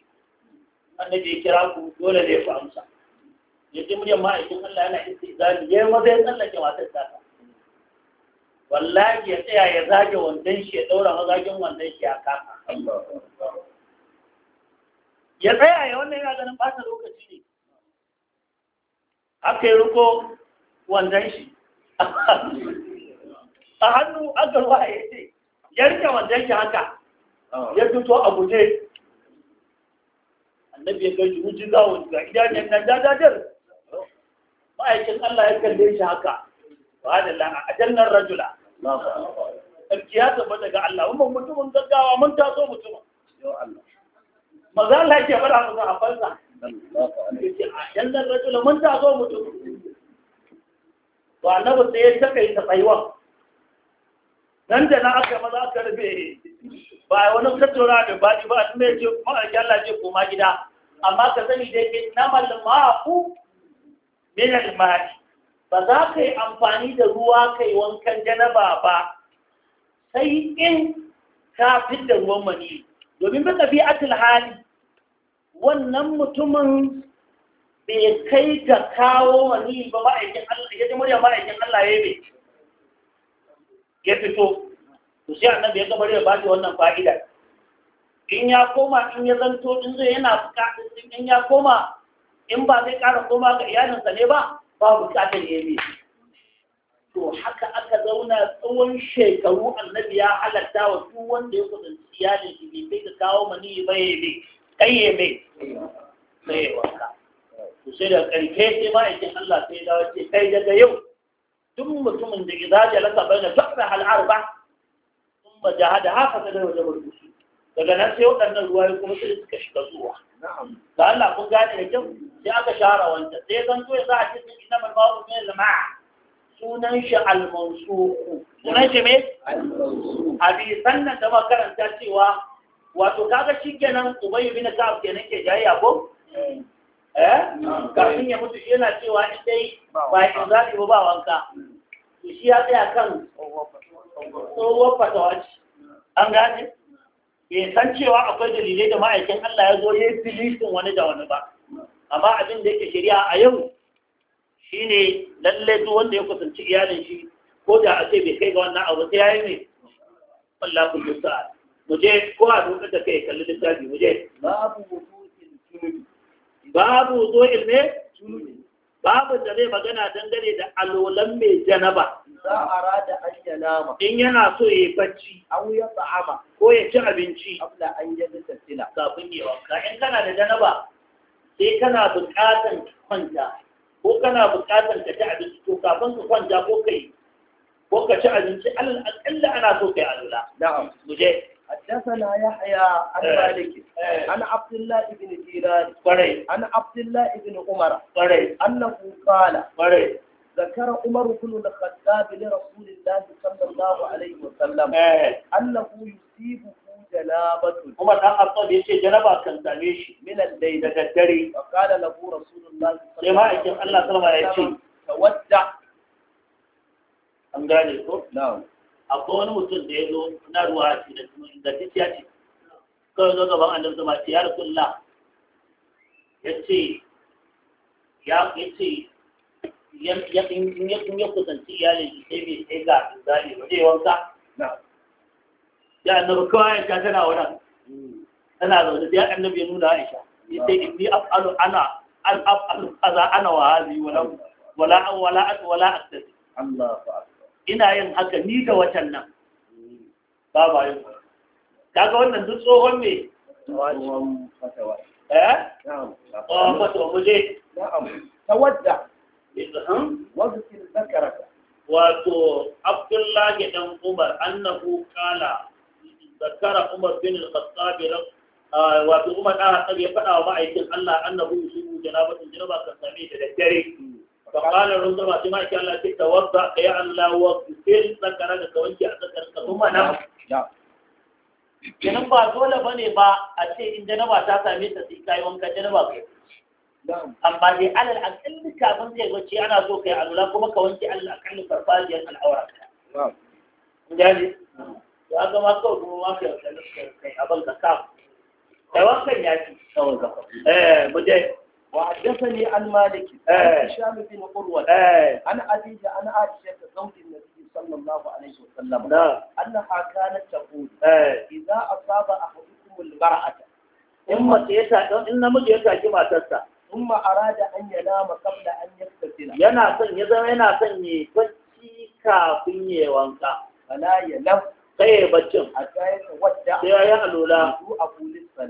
annabi ya kira ku dole ne ku amsa ya ji muryar ma'aikin Allah yana istizali ya yi maza ya tsallake matar tata wallahi ya tsaya ya zage wandon shi ya ɗaura mazagen wandon shi a kafa ya tsaya ya wannan yana ganin ta lokaci ne aka yi riko wandon shi a hannu aka ruwa ya ce ya rike wandon shi haka ya fito a guje annabi ya gaji mujiza wa ga idanun nan jajajar ma'aikin Allah ya kalle shi haka ba da a ajannar rajula sarki ya zama daga Allah mun mutumin gaggawa mun taso mutumin maza Allah ke fara masa a A ajannar rajula mun taso mutumin na ba sai ya takaita tsayuwa nan da na aka maza aka rufe ba wani tattauna da baɗi ba a tunaye ce ma'aikin Allah ce koma gida amma ka sani da yake namal ma'afu min al ba za ka yi amfani da ruwa kai wankan janaba ba sai in ka da ruwan mani domin ba ka atul hali wannan mutumin bai kai ga kawo mani ba ma'aikin Allah ya ji murya ma'aikin Allah ya ya fito to sai annabi ya gabar ya ba shi wannan fa'idar in ya koma in ya zanto in zai yana bukatar in ya koma in ba zai kara koma ga iyalinsa ne ba ba bukatar ya yi to haka aka zauna tsawon shekaru annabi ya halatta wa duk wanda ya kusanci iyalin shi bai kai ka kawo mani ba ya bai kai ya mai wanka to sai da karke sai ma yakin Allah sai dawo ce kai daga yau duk mutumin da idza jalasa baina tahra al arba thumma jahada haka da wajen daga nan sai waɗannan ruwa kuma sai suka shiga zuwa da Allah kun gane da kyau sai aka shara wancan sai zan zo ya sa a cikin inna mal ma'ruf min jama'a sunan shi al-mawsuqu sunan shi me hadisan nan da makaranta cewa wato kaga shi kenan ubay bin ka'ab kenan ke jayya ko eh, eh? kafin ya mutu yana cewa in dai ba in za ba ba wanka to shi ya tsaya kan tsohuwar fatawa an gane bai san cewa akwai dalilai da ma'aikin Allah ya zo ya yi filistin wani da wani ba amma abin da yake shari'a a yau shi ne lallai duk wanda ya kusanci iyalin shi ko da a ce bai kai ga wannan abu sai yayi mai Allah ku musta mu je ko a duka da kai kalli littafi mu je babu zo junubi babu babu da zai magana dangane da alolan mai janaba za a rada an ya nama in yana so ya yi bacci an ya tsa'ama ko ya ci abinci abla an yi zata sila kafin ya wanka in kana da janaba sai kana buƙatar kwanta ko kana buƙatar ka ci abinci to kafin ka kwanta ko kai ko ka ci abinci alƙalla ana so kai alula na'am muje حدثنا يحيى عن مالك عن عبد الله بن دينار عن عبد الله بن عمر انه قال ذكر عمر بن الخطاب لرسول الله صلى الله عليه وسلم أنه يصيبه جنابة عمر بن الخطاب يشي جنابة كان دانيشي من الليل تدري فقال له رسول الله صلى الله عليه وسلم الله صلى الله عليه وسلم تودع an gane ko na'am akwai wani mutum da ya zo na ruwa ce da kuma ingantacciya ce kawai zo gaban annabi zama ce ya rasulullah ya ce ya ce in ya kusanci iyalin shi sai bai sai ga zali ba zai wanka ya annabi kawai aisha tana wannan tana zaune sai annabi ya nuna aisha ya ce inni af'alu ana an af'alu kaza ana wa hazi wala wala wala wala aktasi ina yin haka ni da watan nan ba ba yin kaga wannan duk tsohon me tsohon fatawa eh na'am fatawa muje na'am tawadda izham wazkir zakarata wato abdullahi dan umar annahu kala zakara umar bin al-khattab wato umar dan khattab ya fada wa ma'aikin Allah annahu yusubu janabatun janaba ka sami da daddare fa qala runda ma sai ma'aikin Allah ce tawadda ya Allah wa fil zakara ka wanke a ka kuma na kenan ba dole bane ba a ce in janaba ta same ta sai kai wanka janaba kai amma dai alal aƙalli kafin kai wacce ana so kai alula kuma ka wanke alal aƙalli farfajiyar al'aura gani to aka ma kawai kuma ma kai wacce kai abin da ka kai wakan ya ci kawai ka eh mu dai wa haddathani an malik eh shami bin qurwa eh ana adija ana aisha ta zauki nabi sallallahu alaihi wasallam da annaha kanat taqul eh idza asaba ahadukum al-bara'ata in mace ya ta in namiji ya taki matarsa umma arada an yanama qabla an yastasila yana son ya zama yana son ya bacci kafin ya wanka Bala ya lam sai ya baccin sai ya yi alula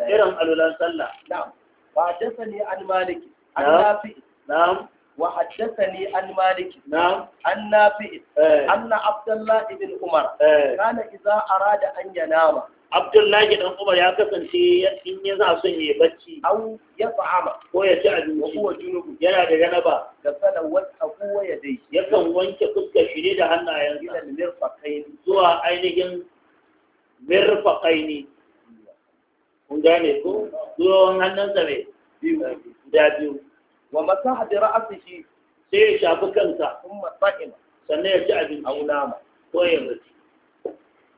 irin alulan sallah na'am wa dasani an maliki an nafi na'am وحدثني عن مالك نعم عن نافع أن عبد الله بن عمر كان إذا أراد abdullahi dan umar ya kasance in ya za son ya bacci an ya fa'ama ko ya ci abinci ko junubu yana da ganaba da wani abu ya dai yakan wanke fuskar shi ne da hannayen ila mirfaqaini zuwa ainihin mirfaqaini kun gane ko zuwa hannun sa ne da biyu wa masaha bi ra'sihi sai ya shafi kansa sannan ya ci abin a nama ko ya bacci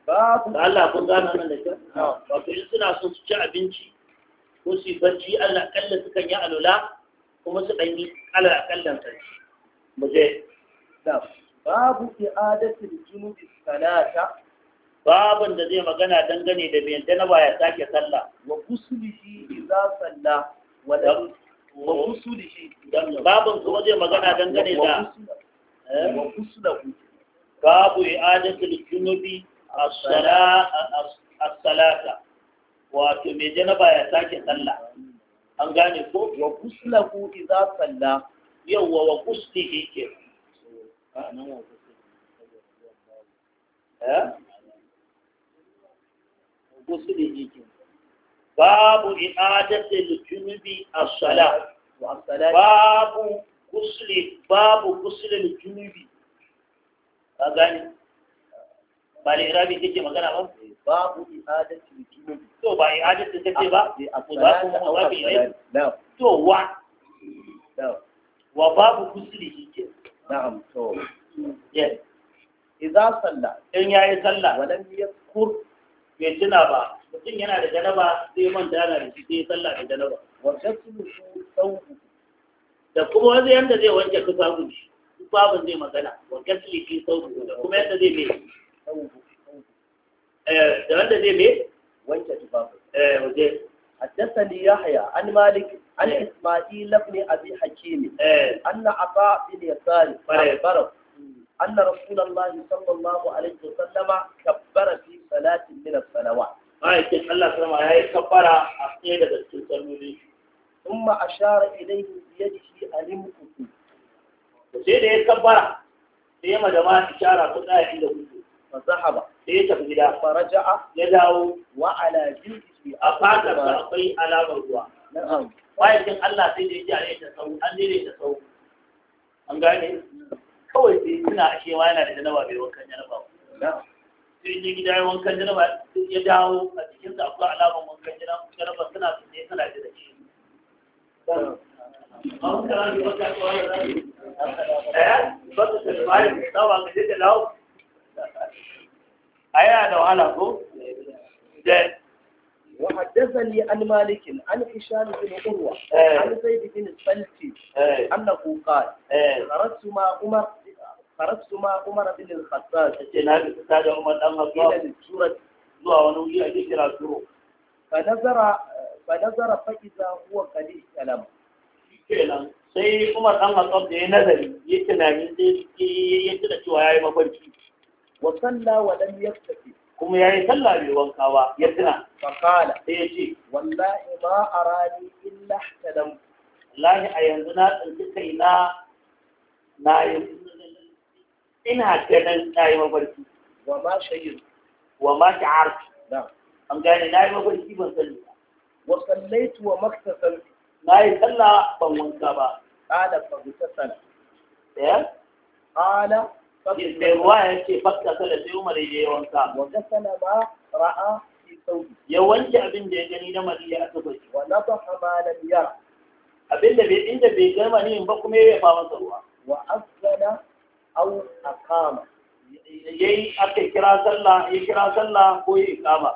da Allah kun gano nan da kyau wato in suna son su ci abinci ko su yi barci Allah su kan yi alula kuma su ɗan yi alal akallan sarki mu je babu fi adatin junubi salata babin da zai magana dangane da bai dana ba ya sake sallah wa kusulihi idza salla wa da wa kusulihi babin kuma zai magana dangane da wa kusulahu eh? babu i'adatul junubi as-salata wato mai janaba ya sake sallah an gane ko wa kuslahu idza salla yawwa wa kuslihi eh? ke babu ke babu i'adatil junubi as-sala babu kusli babu kuslil junubi ka gane ba da irabi take magana ba eh, babu i'adatu junubi to ba i'adatu take ba eh, to za ku mu ba bi to wa wa babu kusli ke na'am to yes idza salla in yayi sallah walam yadhkur bai tuna ba mutum yana da janaba zai manta yana da shi sai sallah da janaba wa taslu sau da kuma wani yadda zai wanke tufafin shi tufafin zai magana wa gasli fi sau da kuma yadda zai mai da wanda zai وانت wanke tufafin eh waje حدثني يحيى عن مالك عن إسماعيل بن أبي حكيم أن عطاء بن يسار أخبره أن رسول الله صلى الله عليه وسلم كبر في صلاة من الصلوات هاي يتم الله سلام عليه كبر أخيرا بالتسلل ثم أشار إليه بيده ألمكم وزيد كبر سيما جماعة إشارة قلنا عند فذهب ليس إلى فرجع يدعو وعلى a kai alamar على Wa ya bayan Allah sai dai jare ta sau an ne ta sau an gane kawai sai suna ashewa yana da janaba bai wankan janaba sai je gida ya wankan janaba ya dawo a cikin da akwai alamar wankan janaba suna tsaye suna ji da shi ba mu kana ji da za ka ba ta tsawon da za ka je da a yana da wahala ko وحدثني عن مالك عن هشام بن عروة عن زيد بن الثلت أنه قال خرجت مع عمر خرجت مع عمر بن الخطاب إلى السورة فنظر فنظر فإذا هو قد كلام sai kuma dan Khattab da ya nazari ya tunani sai ya tuna cewa yayi mafarki wa salla wa lam yaftaki kuma yayi sallah bai wanka ba ya tuna fa qala sai ya ce wallahi ma arani illa ihtadam wallahi a yanzu na tsinci kaina na yi ina ganin na yi mafarki wa ma shayin wa ma sha'ar an gane na yi mafarki ban sani wa sallaitu wa maktasal na yi sallah ban wanka ba qala fa bi tasal ya eh? qala mai ruwa ya ce fakka ta sai umar ya yi wanka wata sana ba ra'a ya wanke abin da ya gani na mariya a tuba shi wanda ba hama da biyar bai inda bai ba kuma ya fa masa wa asgada au akama yayi aka kira sallah ya kira sallah ko ya ikama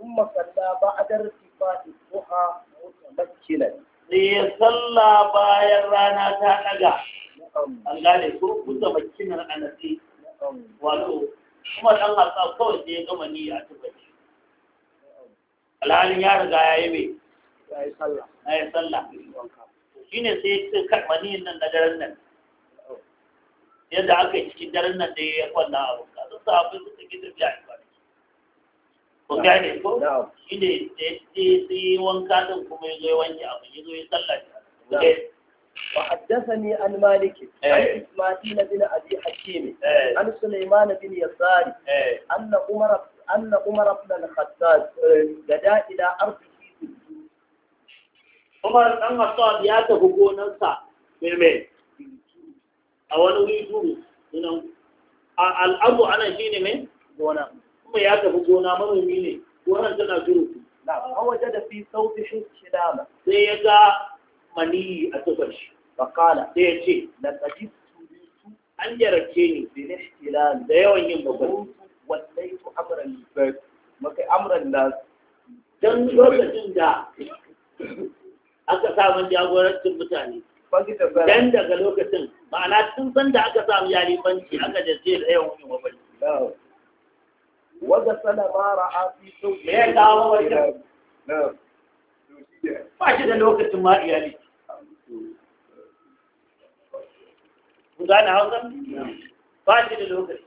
umma salla bayan rana ta ɗaga. an gane ko kusa bakinan anasi wato kuma dan hasa kawai sai ya gama ni a tabbaci alhalin ya riga ya yi mai ya yi sallah shi ne sai ya karɓa niyin nan na daren nan yadda aka yi cikin daren nan da ya kwanna a wanka sun sa abin suka ke tafiya a kwanaki ko gane ko shi ne sai ya wanka din kuma ya zo ya wanke abin ya zo ya sallah وحدثني عن مالك عن اسماعيل بن ابي حكيم عن سليمان بن يسار ان عمر ان عمر بن الخطاب جدا الى ارض Umar ɗan Hassan ya tafi gonarsa mai a wani wuri duru, a al'abu ana shi mai? Gona. Kuma ya tafi gona manomi ne, gonar tana duru. Na, an waje da fi sauti shi shi dama. Sai ya ga maniyi a zubar shi fakala sai ya ce na tsaji an yarace ni da na shikila da yawan yin magana wallai su amuran libar maka amuran da don lokacin da aka samun jagorancin mutane dan daga lokacin ma'ana tun san da aka samu banki aka ce da yawan yin wabani wadda sana mara a fi sau da ya kawo wajen ba shi da lokacin ma iyali ku gane hausa ba shi da lokaci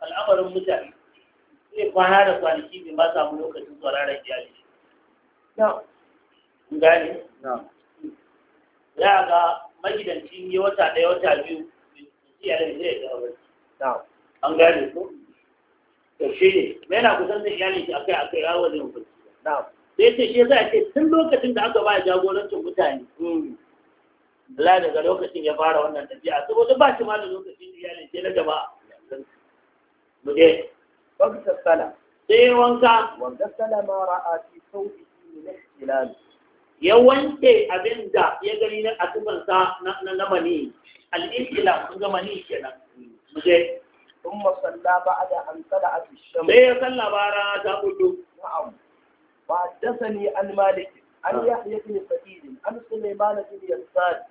al'amarin mutane zai kwana da kwanaki bai ma samu lokacin tsararren iyali kun gane za ga magidanci yi wata ɗaya wata biyu iyalin zai ga wani an gane ko to ne mai na kusan da iyalin shi akai akai ya da mutum sai ce shi za a ce tun lokacin da aka ba jagorancin mutane mm. Allah daga lokacin ya fara wannan tafiya saboda ba shi ma da lokacin da yalin ce na gaba. Muje. Wanda ta sala. Sai wanka. Wanda sala ma ra'a fi sauƙi ne na ihtilal. Ya wanke abinda ya gani na atuban sa na na mani. Al-ihtilal kun ga mani kenan. Muje. Sun masalla ba a da an sala a fishen. Sai ya salla ba ra ta hudu. Na'am. Ba dasani an maliki. An yahya bin Fadilin. An Sulaiman bin Yansari.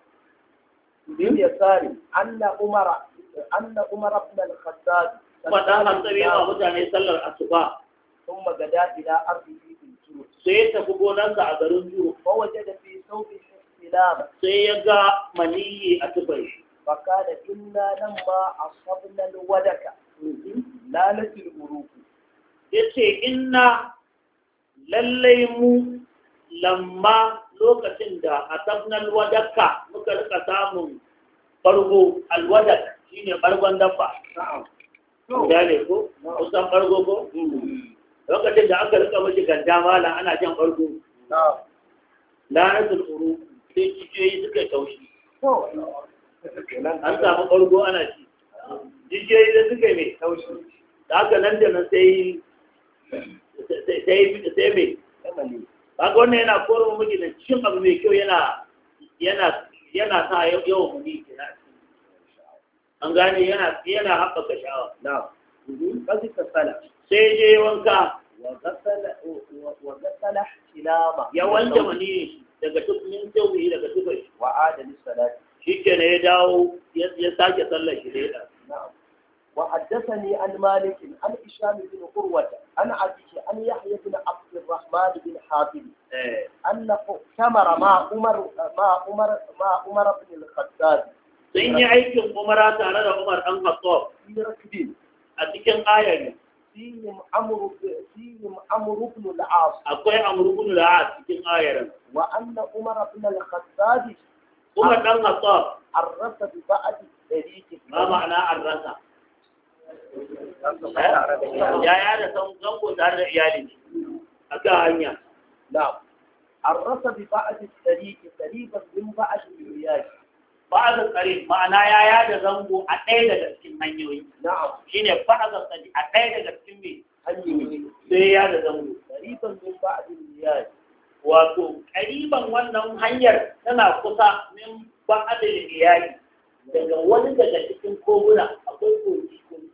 bin yasari anna umara anna umara ibn al-khattab fada hantsari ma mutane sallar asuba sun magada ila arziki bin juru sai tafi gonarka a garin juru ba da fi sauƙi sai ya ga maniyi a tubai da inna nan a asabna alwadaka lalatul uruku yace inna lallai mu lamma lokacin da a asabnal wadakka muka rika samun bargo shi ne bargon dabba da ko kusan bargo ko mm. lokacin da aka rika mashi ganda mala ana jan bargo lanatul uru sai jijiyoyi suka taushi an samu bargo ana ci jijiyoyi da suka mai taushi da aka nan da nan sai sai mai kaga wannan yana korar miji da cin abu mai kyau yana yana yana sa yawan muni cikin an gane yana yana haɓaka sha'awa na kasi kasala sai je wanka wa gasala kilama ya wanda mani daga tukunin tawhi daga duk wa adali salati shi ke ya dawo ya sake sallar shi da وحدثني عن مالك عن هشام بن قروة عن عبده عن يحيى بن عبد الرحمن بن حاتم إيه. أن ثمر ما عمر ما عمر ما عمر بن الخطاب إن يعيش عمر تعالى عمر بن الخطاب في ركبين أتيك آية فيهم أمر فيهم أمر بن العاص أقوى أمر بن العاص أتيك آية وأن عمر بن الخطاب عمر بن الخطاب عرف ببعض ما معنى عرفه Ya da san zango tare da iyali ne a ga hanya na'am arrasa bi ba'd al-tariq qariban min ba'd al-riyaj ba'd al-qarib ma'ana ya da zango a ɗaya daga cikin hanyoyi na'am shine ba'd al-tariq a ɗaya daga cikin me hanyoyi sai ya da zango qariban min ba'd al-riyaj wato qariban wannan hanyar tana kusa min ba'd al-riyaj daga wani daga cikin koguna akwai kogi kogi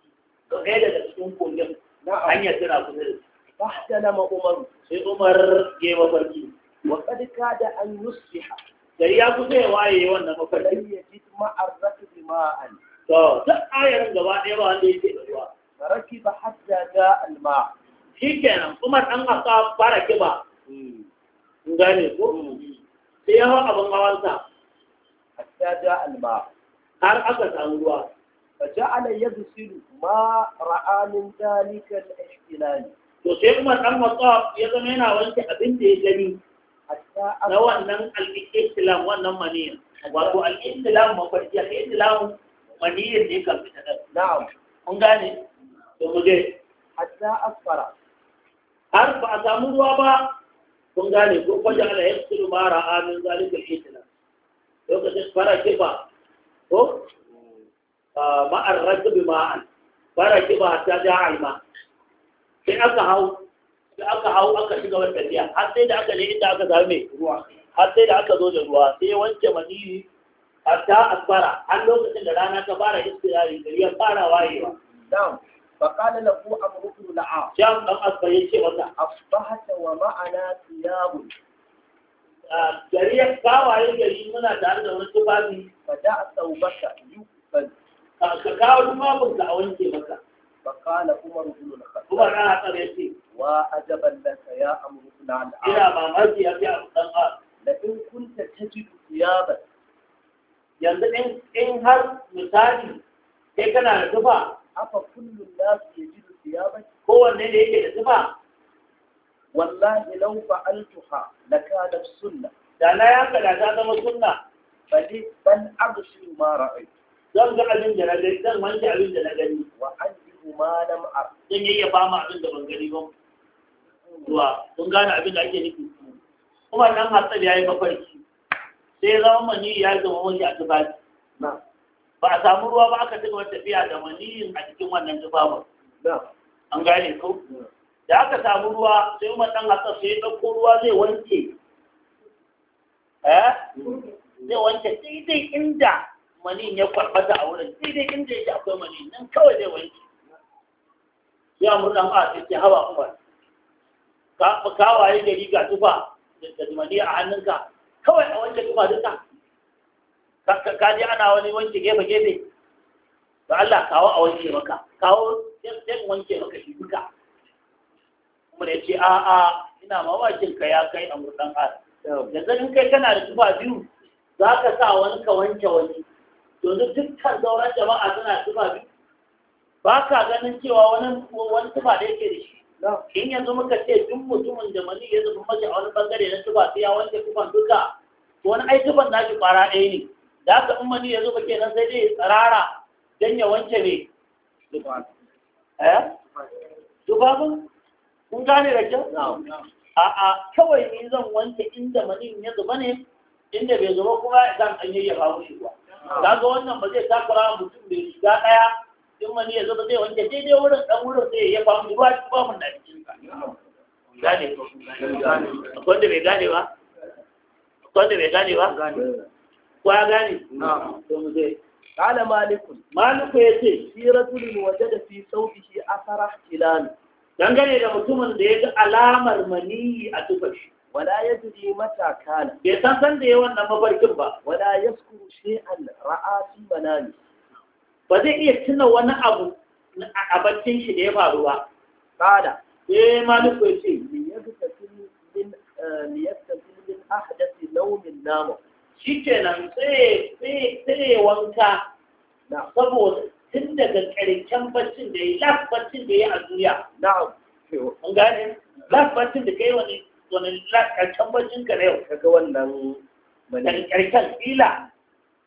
ɗaya daga cikin kogin hanyar tana kusa da fahta lama umar sai umar ya yi mafarki wa kadika da an yusriha gari ya kusa ya waye wannan mafarki ya ji ma'ar rasu bi ma'an to duk ayarin gaba ɗaya ba wanda yake da ruwa faraki ba hatta ga alma shi kenan umar ɗan aka fara kiba in hmm. gane ko hmm. sai ya hau abin hawansa hatta ga alma har aka samu ruwa fa ja'ala yadsilu Ba ra'amin min dalika al-ihtilal to sai kuma dan matsaf ya zama yana wanke abin da ya gani na wannan al-ihtilam wannan maniyin wato al-ihtilam mafarki al-ihtilam maniyin ne kan fita na'am kun gane to mu je hatta asfara har ba a samu ruwa ba kun gane ko kwaje ala yafsiru ma ra'a min zalika al-ihtilam lokacin fara kifa ko mm. ah, ma'ar rajul ma'an fara kiba ta ja alma sai aka hau da aka hau aka shiga wata tafiya har sai da aka je inda aka samu mai ruwa har sai da aka zo da ruwa sai wanke maniyi hatta asbara an lokacin da rana ta fara istirari gari ya fara wayewa فقال له أمر بن العاص جاء من أصبح يشيء wa ma'ana ثياب gari ya kawaye gari muna tare da wani tufafi fa da saubaka yukbal ka kawo tumabin ka a wanke maka فقال عمر بن الخطاب عمر اخر يتي وعجبا لك يا عمرو بن العاص الى ما مالك يا ابي عبد القاس لئن كنت تجد ثيابا yanzu in in har misali sai kana da tufa afa kullu nas yajidu thiyaban kowanne ne yake da tufa wallahi law fa'altuha lakana sunna da na yanka da ta zama sunna bali ban abshiru ma ra'aytu zan ga abin da na gani zan wanke abin da na gani wa an ma lam ar zan yayya ba ma abin da ban gani ba zuwa kun gane abin da ake nufi kuma nan hatsari yi mafarki sai zama mani ya zama wani a tufafi ba a samu ruwa ba aka cigaba tafiya da maniyin a cikin wannan tufafin an gane ko da aka samu ruwa sai umar dan hatsar sai ya ɗauko ruwa zai wanke eh mm. zai wanke daidai inda mani ya kwarbata a wurin sai dai inda yake akwai mani nan kawai zai wanke ya murna ma sai ce hawa umar ka ka waye gari ga tufa da mani a hannunka kawai a wanke tufa duka ka ji ana wani wanke gefe gefe da Allah kawo a wanke maka kawo sai wanke maka shi duka kuma ya ce a'a ina mamakin ka ya kai a murdan ar da zanin kai kana da tufa biyu za ka sa wani ka wanke wani yanzu dukkan sauran jama'a suna zuba biyu ba ka ganin cewa wani wani tufa da yake da shi in yanzu muka ce duk mutumin da mani ya zuba mace a wani bangare na tuba sai ya wanke tufan duka wani ai na shi kwara ɗaya ne da aka in mani ya zuba nan sai dai tsirara don ya wanke ne tufafin eh? kun gane da kyau a'a kawai ni zan wanke inda mani ya zuba ne inda bai zuba kuma zan an yayyafa mushi ba kaga wannan ba zai takura mutum mai shiga ɗaya in wani ya zo zama zai wanke daidai wurin ɗan wurin sai ya famu ba shi ba mun da cikin ka gane ko akwai wanda bai gane ba akwai da bai gane ba ko ya gane to mu zai قال مالك مالك يتي في رجل وجد في ثوبه اثر هلال dangane da mutumin da ya ga alamar mani a tufar shi wala yadri mata kana bai san san da yawan nan mafarkin ba wala yaskuru shay'an ra'a fi manami ba zai iya tuna wani abu a baccin shi da ya faru ba kada eh maliku yace liyaktasil min eh, liyaktasil min ahdathi launin namu shikenan sai sai sai wanka na saboda tun daga karshen baccin da ya last baccin da ya a duniya na'am an gane last baccin da ka yi wani wani ƙarshen baccin ka na yau kaga wannan ƙarshen ƙila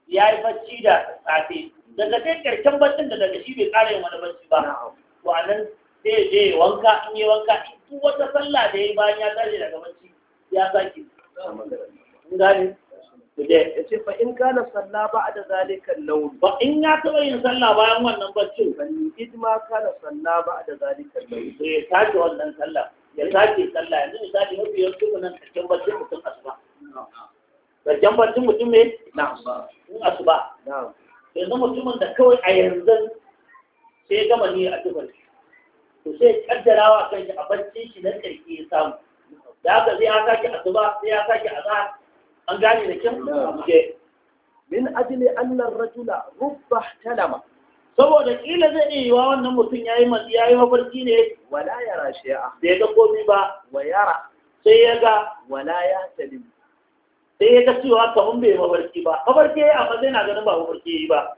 ya yi bacci da safe daga sai ƙarshen baccin da daga shi bai ƙara yin wani bacci ba to a nan sai je wanka in yi wanka in duk wata sallah da ya yi bayan ya tashi daga bacci ya sake in gane da ya ce fa in kana sallah ba a da zalika nawm ba in ya taba yin sallah bayan wannan baccin ban idma kana sallah ba a da zalika nawm sai ya tashi wannan sallah ya sake sallah yanzu misali mafi yawancin mu nan kakken barcin mutum asuba kakken barcin mutum ne na asuba yanzu mutumin da kawai a yanzu sai gama ni a dubal to sai kaddarawa kan shi a barcin shi na karki ya samu da haka sai ya sake asuba sai ya sake azhar an gane da kin ke min ajli anna ar-rajula rubba talama saboda kila zai iya yiwa wannan mutum ya yi ya yi mafarki ne wala yara shi'a bai ga komi ba wa yara sai ya ga wala ya salim. sai ya ga cewa kamar bai mafarki ba mafarki ya amma zai na ganin ba mafarki yi ba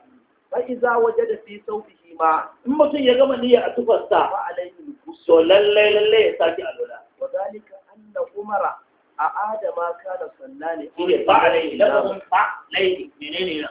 ki za waje da fi sauƙi ma in mutum ya gama niyya a tufarsa a laifin So lallai lallai ya a alwala wa zalika anna umara a adama kana sallani fa alaihi lafazin fa alaihi menene nan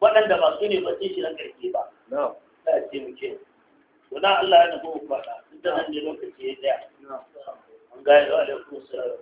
waɗanda ba su ne ba sai shi na karke ba Na ce muke Wani Allah ya nufi mu faɗa duk da nan ne lokaci ya tsaya an da kuma sarara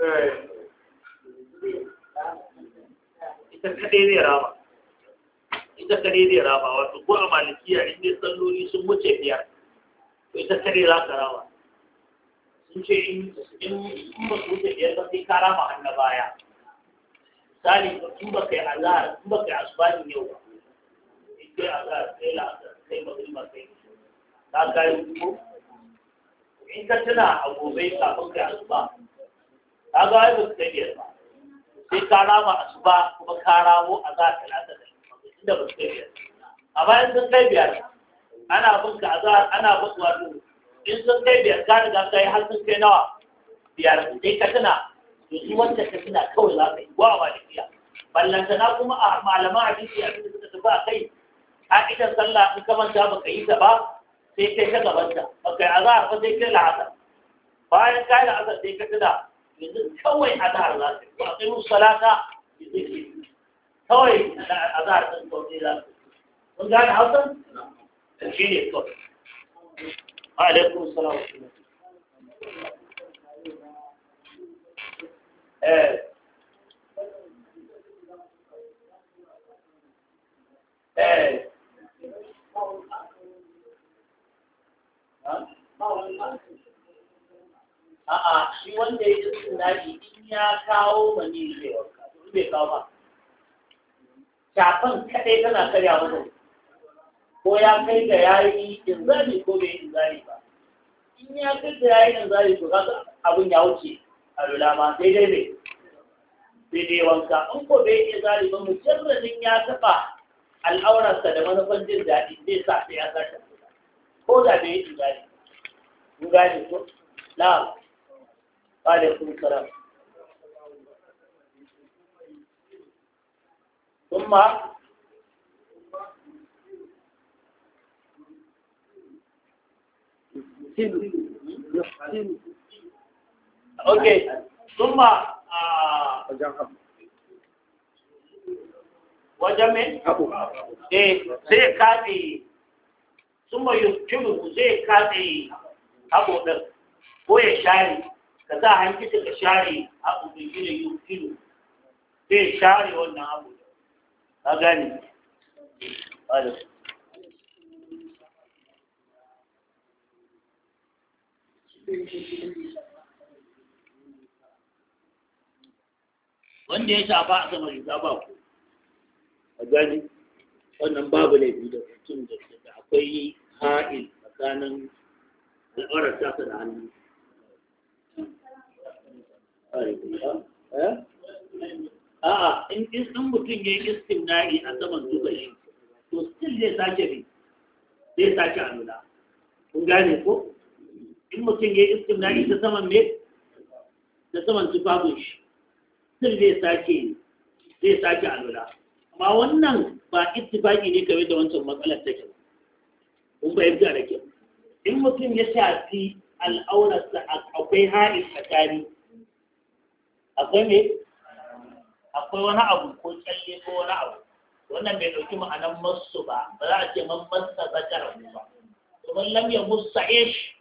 ita kadai zai rama ita kadai zai rama wato ko a malikiya inda tsalloli sun wuce biyar Ko ita kadai za ka rama sun ce in masu wuce biyar ba sai ka rama har na baya misali tun ba kai azhar tun ba kai asbani yau ba in kai azhar kai la'asar kai magriba kai ka gari ko in ka tana a gobe kafin kai asuba kaga ai ba su kai biyar ba sai ka rama asuba kuma ka rawo a za ta lata da inda ba su kai biyar A bayan sun kai biyar ana bin ka azhar ana bin wato in sun kai biyar ka riga kai har sun kai nawa biyar sai ka tuna yanzu wanda ka tuna kawai za ka yi wa malikiya ballantana kuma a malaman hadisi a cikin suka tafi a kai a ita sallah in ka manta ba ka yi ta ba sai kai ta gabanta ba kai azhar ba sai kai la'asar bayan kai la'asar sai ka tuna yanzu kawai azhar za su yi akwai musu salata zikiri kawai azhar sun kawai za su kun gane hausa shi ne kawai alaikum salam eh eh Huh? a'a shi wanda ya yi nashi in ya kawo mani ne wanka to bai kawo ba shafan kaɗai tana karya mutum ko ya kai ga yayi inzali ko bai in inzali ba in ya kai ga yayi inzali to kaga abin ya wuce a lula ma daidai ne dai wanka in ko bai in inzali ba mu mujarradin ya taɓa al'aurarsa da manufan jin daɗi zai sa sai ya sa ko da bai inzali mun gane ko alaikum salam ثم يحسن اوكي ثم zai kaɗe sun mai zai kaɗe abu ko ya ka sa hankicin ka share abu da gina yi filo zai share wannan abu ka gane wanda ya shafa a sama riga ba ku a gani wannan babu laifi da mutum da akwai ha'il tsakanin al'aurar tasa da hannu Eh? a'a in in mutum ya yi istimna'i a saman zuba to still zai sake bi zai sake alula kun gane ko in mutum ya yi istimna'i ta saman me ta saman tufafin shi still zai sake zai sake alula amma wannan ba ittifaki ne kamar da wancan matsalar take ba kun fahimta da kyau in mutum ya shafi al'aurarsa akwai haɗin tsakani akwai me akwai wani abu ko tsalle ko wani abu wannan bai ɗauki ma'anan masu ba ba za a ce man masa zakarahu ba domin lam ya musa ish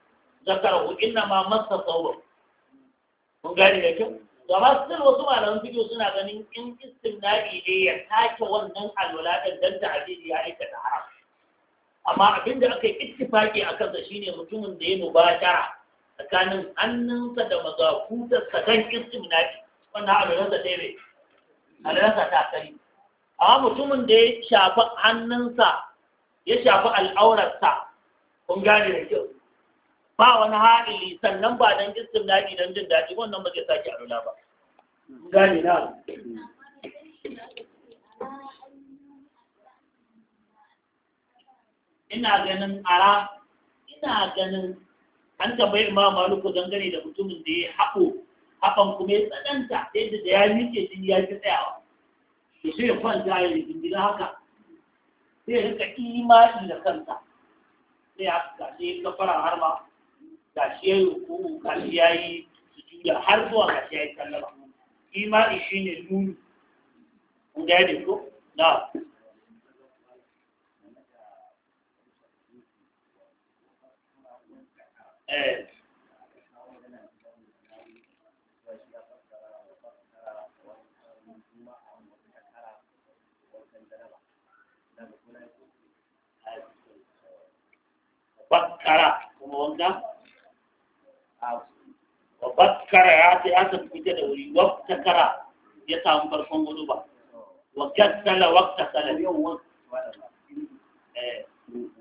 zakarahu inna ma masa sauran mun gane da kyau to amma wasu malaman fito suna ganin in istimna'i ne ya take wannan alwala din dan ta hadisi ya aikata haram amma abin da aka yi ittifaki a kansa shine mutumin da ya mubashara tsakanin hannunsa da mazakutarsa kan istimna'i wannan alwalarsa ɗaya ne alwalarsa ta kari amma mutumin da ya shafi hannunsa ya shafi al'aurarsa kun gane da kyau ba wani ha'ili sannan ba don jistin daɗi don jin daɗi wannan ba zai sake alula ba gane na ina ganin ara ina ganin an tambayi ma maluku dangane da mutumin da ya haɓo hakan kuma ya tsananta yadda da ya nike jini ya fi tsayawa to sai ya kwanta ya rigingina haka sai ya rika imani da kanta sai ya gashi ya kafara har ma shi ya yi ga shi ya yi sujuda har zuwa shi ya yi sallama imani shine nuni kun ga yadda ko na eh bakkara kuma wanda? A bakkara ya ce ya tafi fita da wuri wakta kara ya samu farkon gudu ba wa tsala wakta sala eh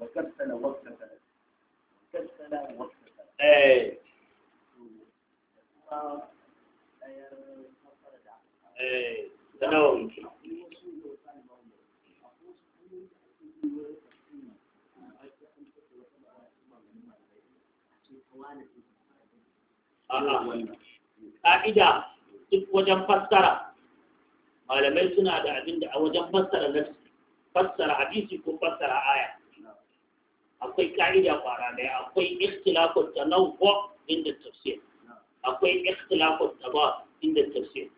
tsala eh. eh, da tsala. Ƙa'ida duk wajen fassara, malamai suna da abin da a wajen fassara na fassara hadisi ko fassara aya. Akwai ƙa'ida kwara daya, akwai ikhtilafat tanawwu inda tafsir. Akwai ikhtilafat tabar inda tafsir.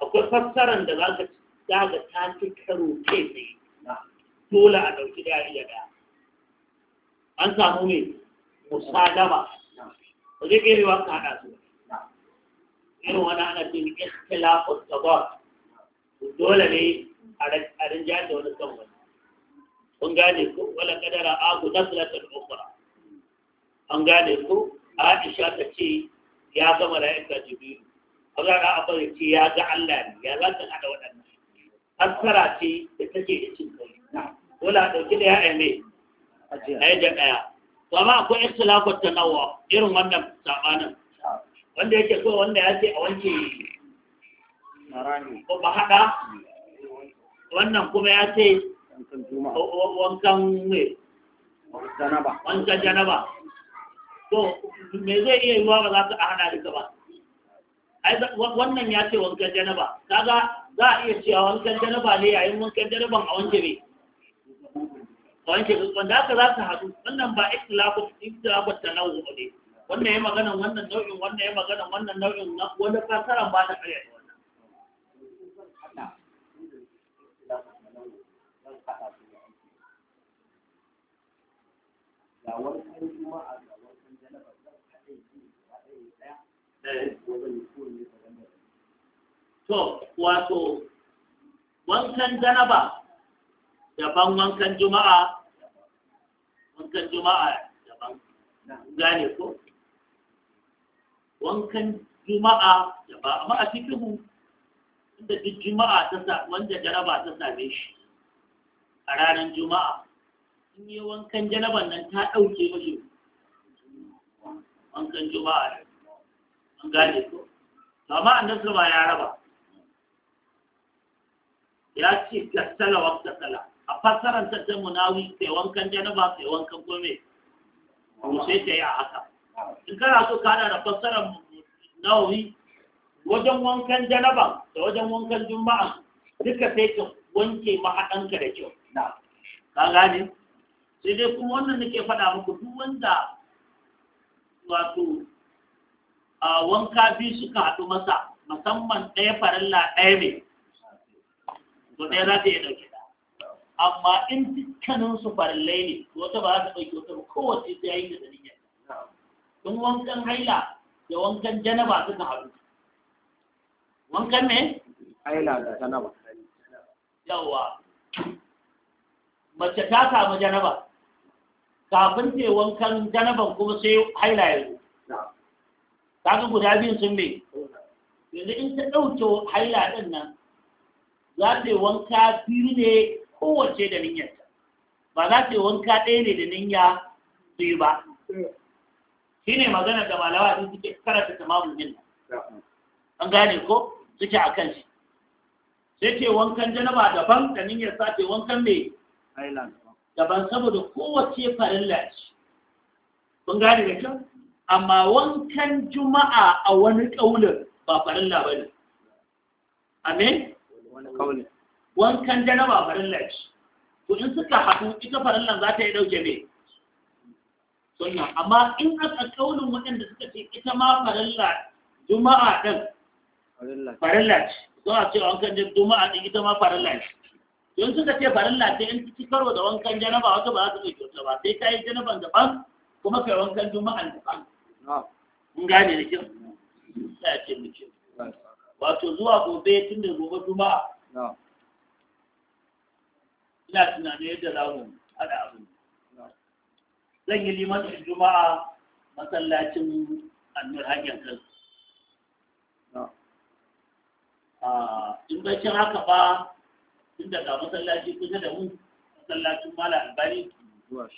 Akwai fassaran da za ka daga ta fi karo kai Dole a ɗauki da iya da. An samu mai musadama ba zai kai riwa ka haɗa su irin wani ana ce ni ikhtilafu tabar dole ne a rinjaya da wani son wani kun gane ku wala kadara aku naslatan ukhra an gane ku Aisha ta ce ya gama ga mala'ika A Allah da abu ce ya ga Allah ne ya za ka hada waɗannan asara ce da take da cin kai wala dauki da ya aime a yi da ɗaya ma akwai ikhtilafat tanawwu irin wannan tsamanin wanda yake so wanda ya ce a wanke ko ba hada wannan kuma ya ce wankan ne wankan janaba to me zai iya yiwa ba za ka hana duka ba wannan ya ce wankan janaba kaga za a iya cewa wankan janaba ne yayin wankan janaban a wanke ne wanke da aka za su haɗu wannan ba ikhtilafu ta nau'u ne wannan ya magana wannan nau'in wannan ya magana wannan nau'in wanda ba ta karya eh. ne wannan wani ba da to wato wankan janaba daban wankan juma'a wankan juma'a daban gane ko wankan juma'a daban amma a cikin inda duk juma'a ta sa wanda jaraba ta same shi a ranar juma'a in yi wankan jaraban nan ta ɗauke mashi wankan juma'a an gane ko amma ma ya raba ya ce gassala waqta a fassarar ta ta munawi sai wankan janaba sai wankan gome ko sai ta yi a haka in kana so ka hada da fassarar nawawi wajen wankan janaba da wajen wankan juma'a duka sai ka wanke mahaɗanka da kyau ka gane sai dai kuma wannan nake faɗa muku duk wanda wato a wanka biyu suka haɗu masa musamman ɗaya farilla ɗaya ne to ɗaya za ta yi ɗauki amma in dukkanin su farallai ne wata ba za ta ɗauki wata ba kowace sai yayin da da niyya don wankan haila da wankan janaba suka haɗu wankan ne haila da janaba yawa mace ta samu janaba kafin ta wankan janaban kuma sai haila ya zo kaga guda biyun sun bi yanzu in ta ɗauke haila ɗin nan za ta yi wanka biyu ne kowace da niyyarta ba za su yi wanka ɗaya ne da niyya su yi ba shi ne magana da malawa sun suke karanta tamamun yin an gane ko suke a kan shi sai ce wankan janaba daban da niyyar sa ce wankan mai daban saboda kowace farin ce kun gane da kyau amma wankan juma'a a wani ƙaunar ba labari amin wani amin wankan janaba farin ce to in suka haɗu ita lan za ta yi ɗauke ne sunna amma in aka kaunin waɗanda suka ce ita ma farilla juma'a ɗin farilla ce zuwa ce wankan juma'a ɗin ita ma farilla ce don suka ce farilla ce in ci karo da wankan janaba wata ba za su ɗauke ta ba sai ka yi janaban daban kuma kai wankan juma'a daban in gane da kyau sai a ce mutum wato zuwa gobe tun da gobe juma'a ina tunanin yadda za mu haɗa abin zan yi limanin juma'a masallacin annur hanyar kan in bacin haka ba tun daga masallaci kusa da mu masallacin mala albani zuwa da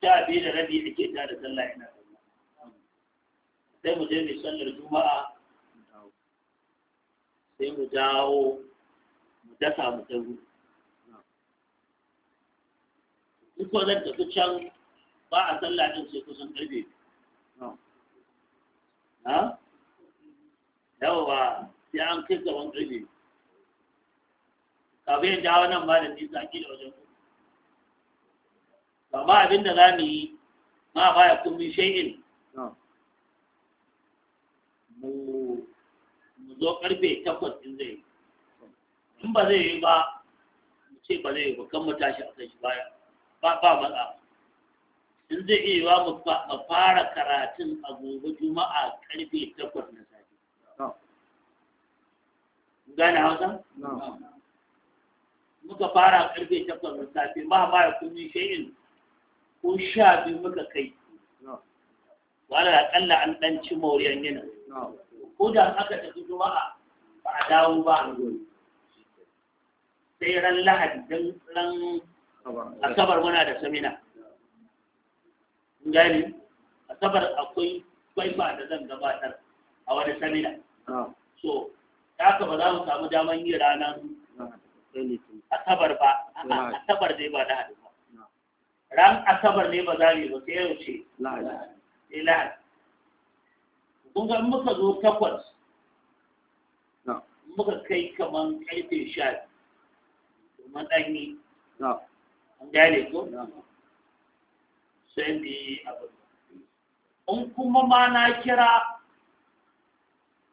sha biyu da rabi ake ta da sallah ina sai mu je mai sallar juma'a sai mu dawo dasa mu ta gudu in ko zan tafi can ba a sallah din sai kusan karfe ha yawa sai an kai gaban karfe kafin yin jawo nan ba da nisa ki da wajen ba ba abin da za mu yi ma ba ya kumbi shay'in mu zo karfe takwas in zai yi. in ba zai yi ba ce ba zai yi ba kan matashi a kai baya ba ba matsa in zai iya yiwa ba fara karatun a gobe juma'a karfe takwas na safe gane hausa muka fara karfe takwas na safe Ba ma ya yi shayin ko sha biyu muka kai da kalla an ɗan ci mauriyan yana ko da aka tafi juma'a ba a dawo ba a gobe sai ran lahadi don ran asabar muna da samina gani asabar akwai gwaiba da zan gabatar a wani samina ah. so ta ka ba za mu samu daman yi ranar asabar ba asabar zai ba lahadi ba ah. ran asabar ne ba za mu yi ba sai yau ce lahadi eh, kun ga muka zo takwas ah. muka kai kaman karfe sha biyu an in kuma ma na kira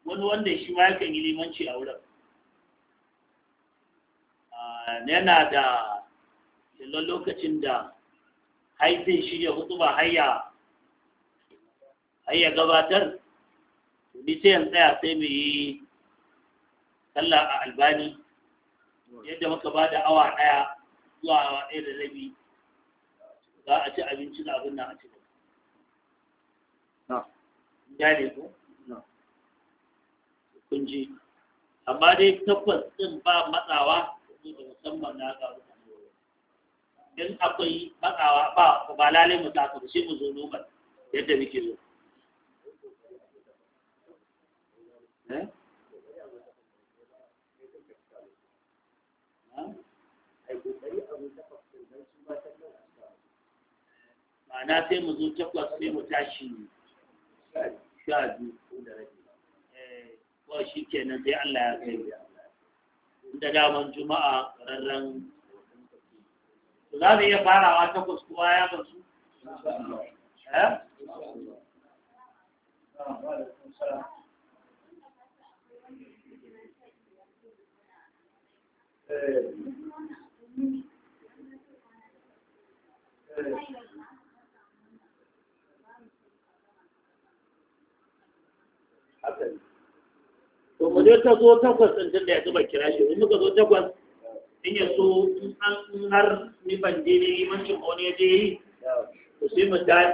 wani wanda shi ma yakan yi limanci a wurin ah, yana da yallon lokacin da haifin shi ya hutu ba hayya gabatar ni sai tsaya sai mai yi sallah a albani yadda muka ba da awa ɗaya zuwa awa ɗaya da rabi za a ci abinci da abin nan a cikin gane ko kun amma dai tabbas ɗin ba matsawa da musamman na ƙaru in akwai matsawa ba ba lalai mu taka shi mu zo noman yadda muke zo eh? ma'ana sai mu zo takwas sai mu tashi sha biyu ko eh, ko shi kenan sai Allah ya kai da daman juma'a rarren za mu iya farawa takwas kowa ya basu Thank you. to mu je ta zo takwas ɗin tun da ya zuba kira shi in muka zo takwas in ya so in har ni ban je ne imancin wani ya je yi to sai mu dace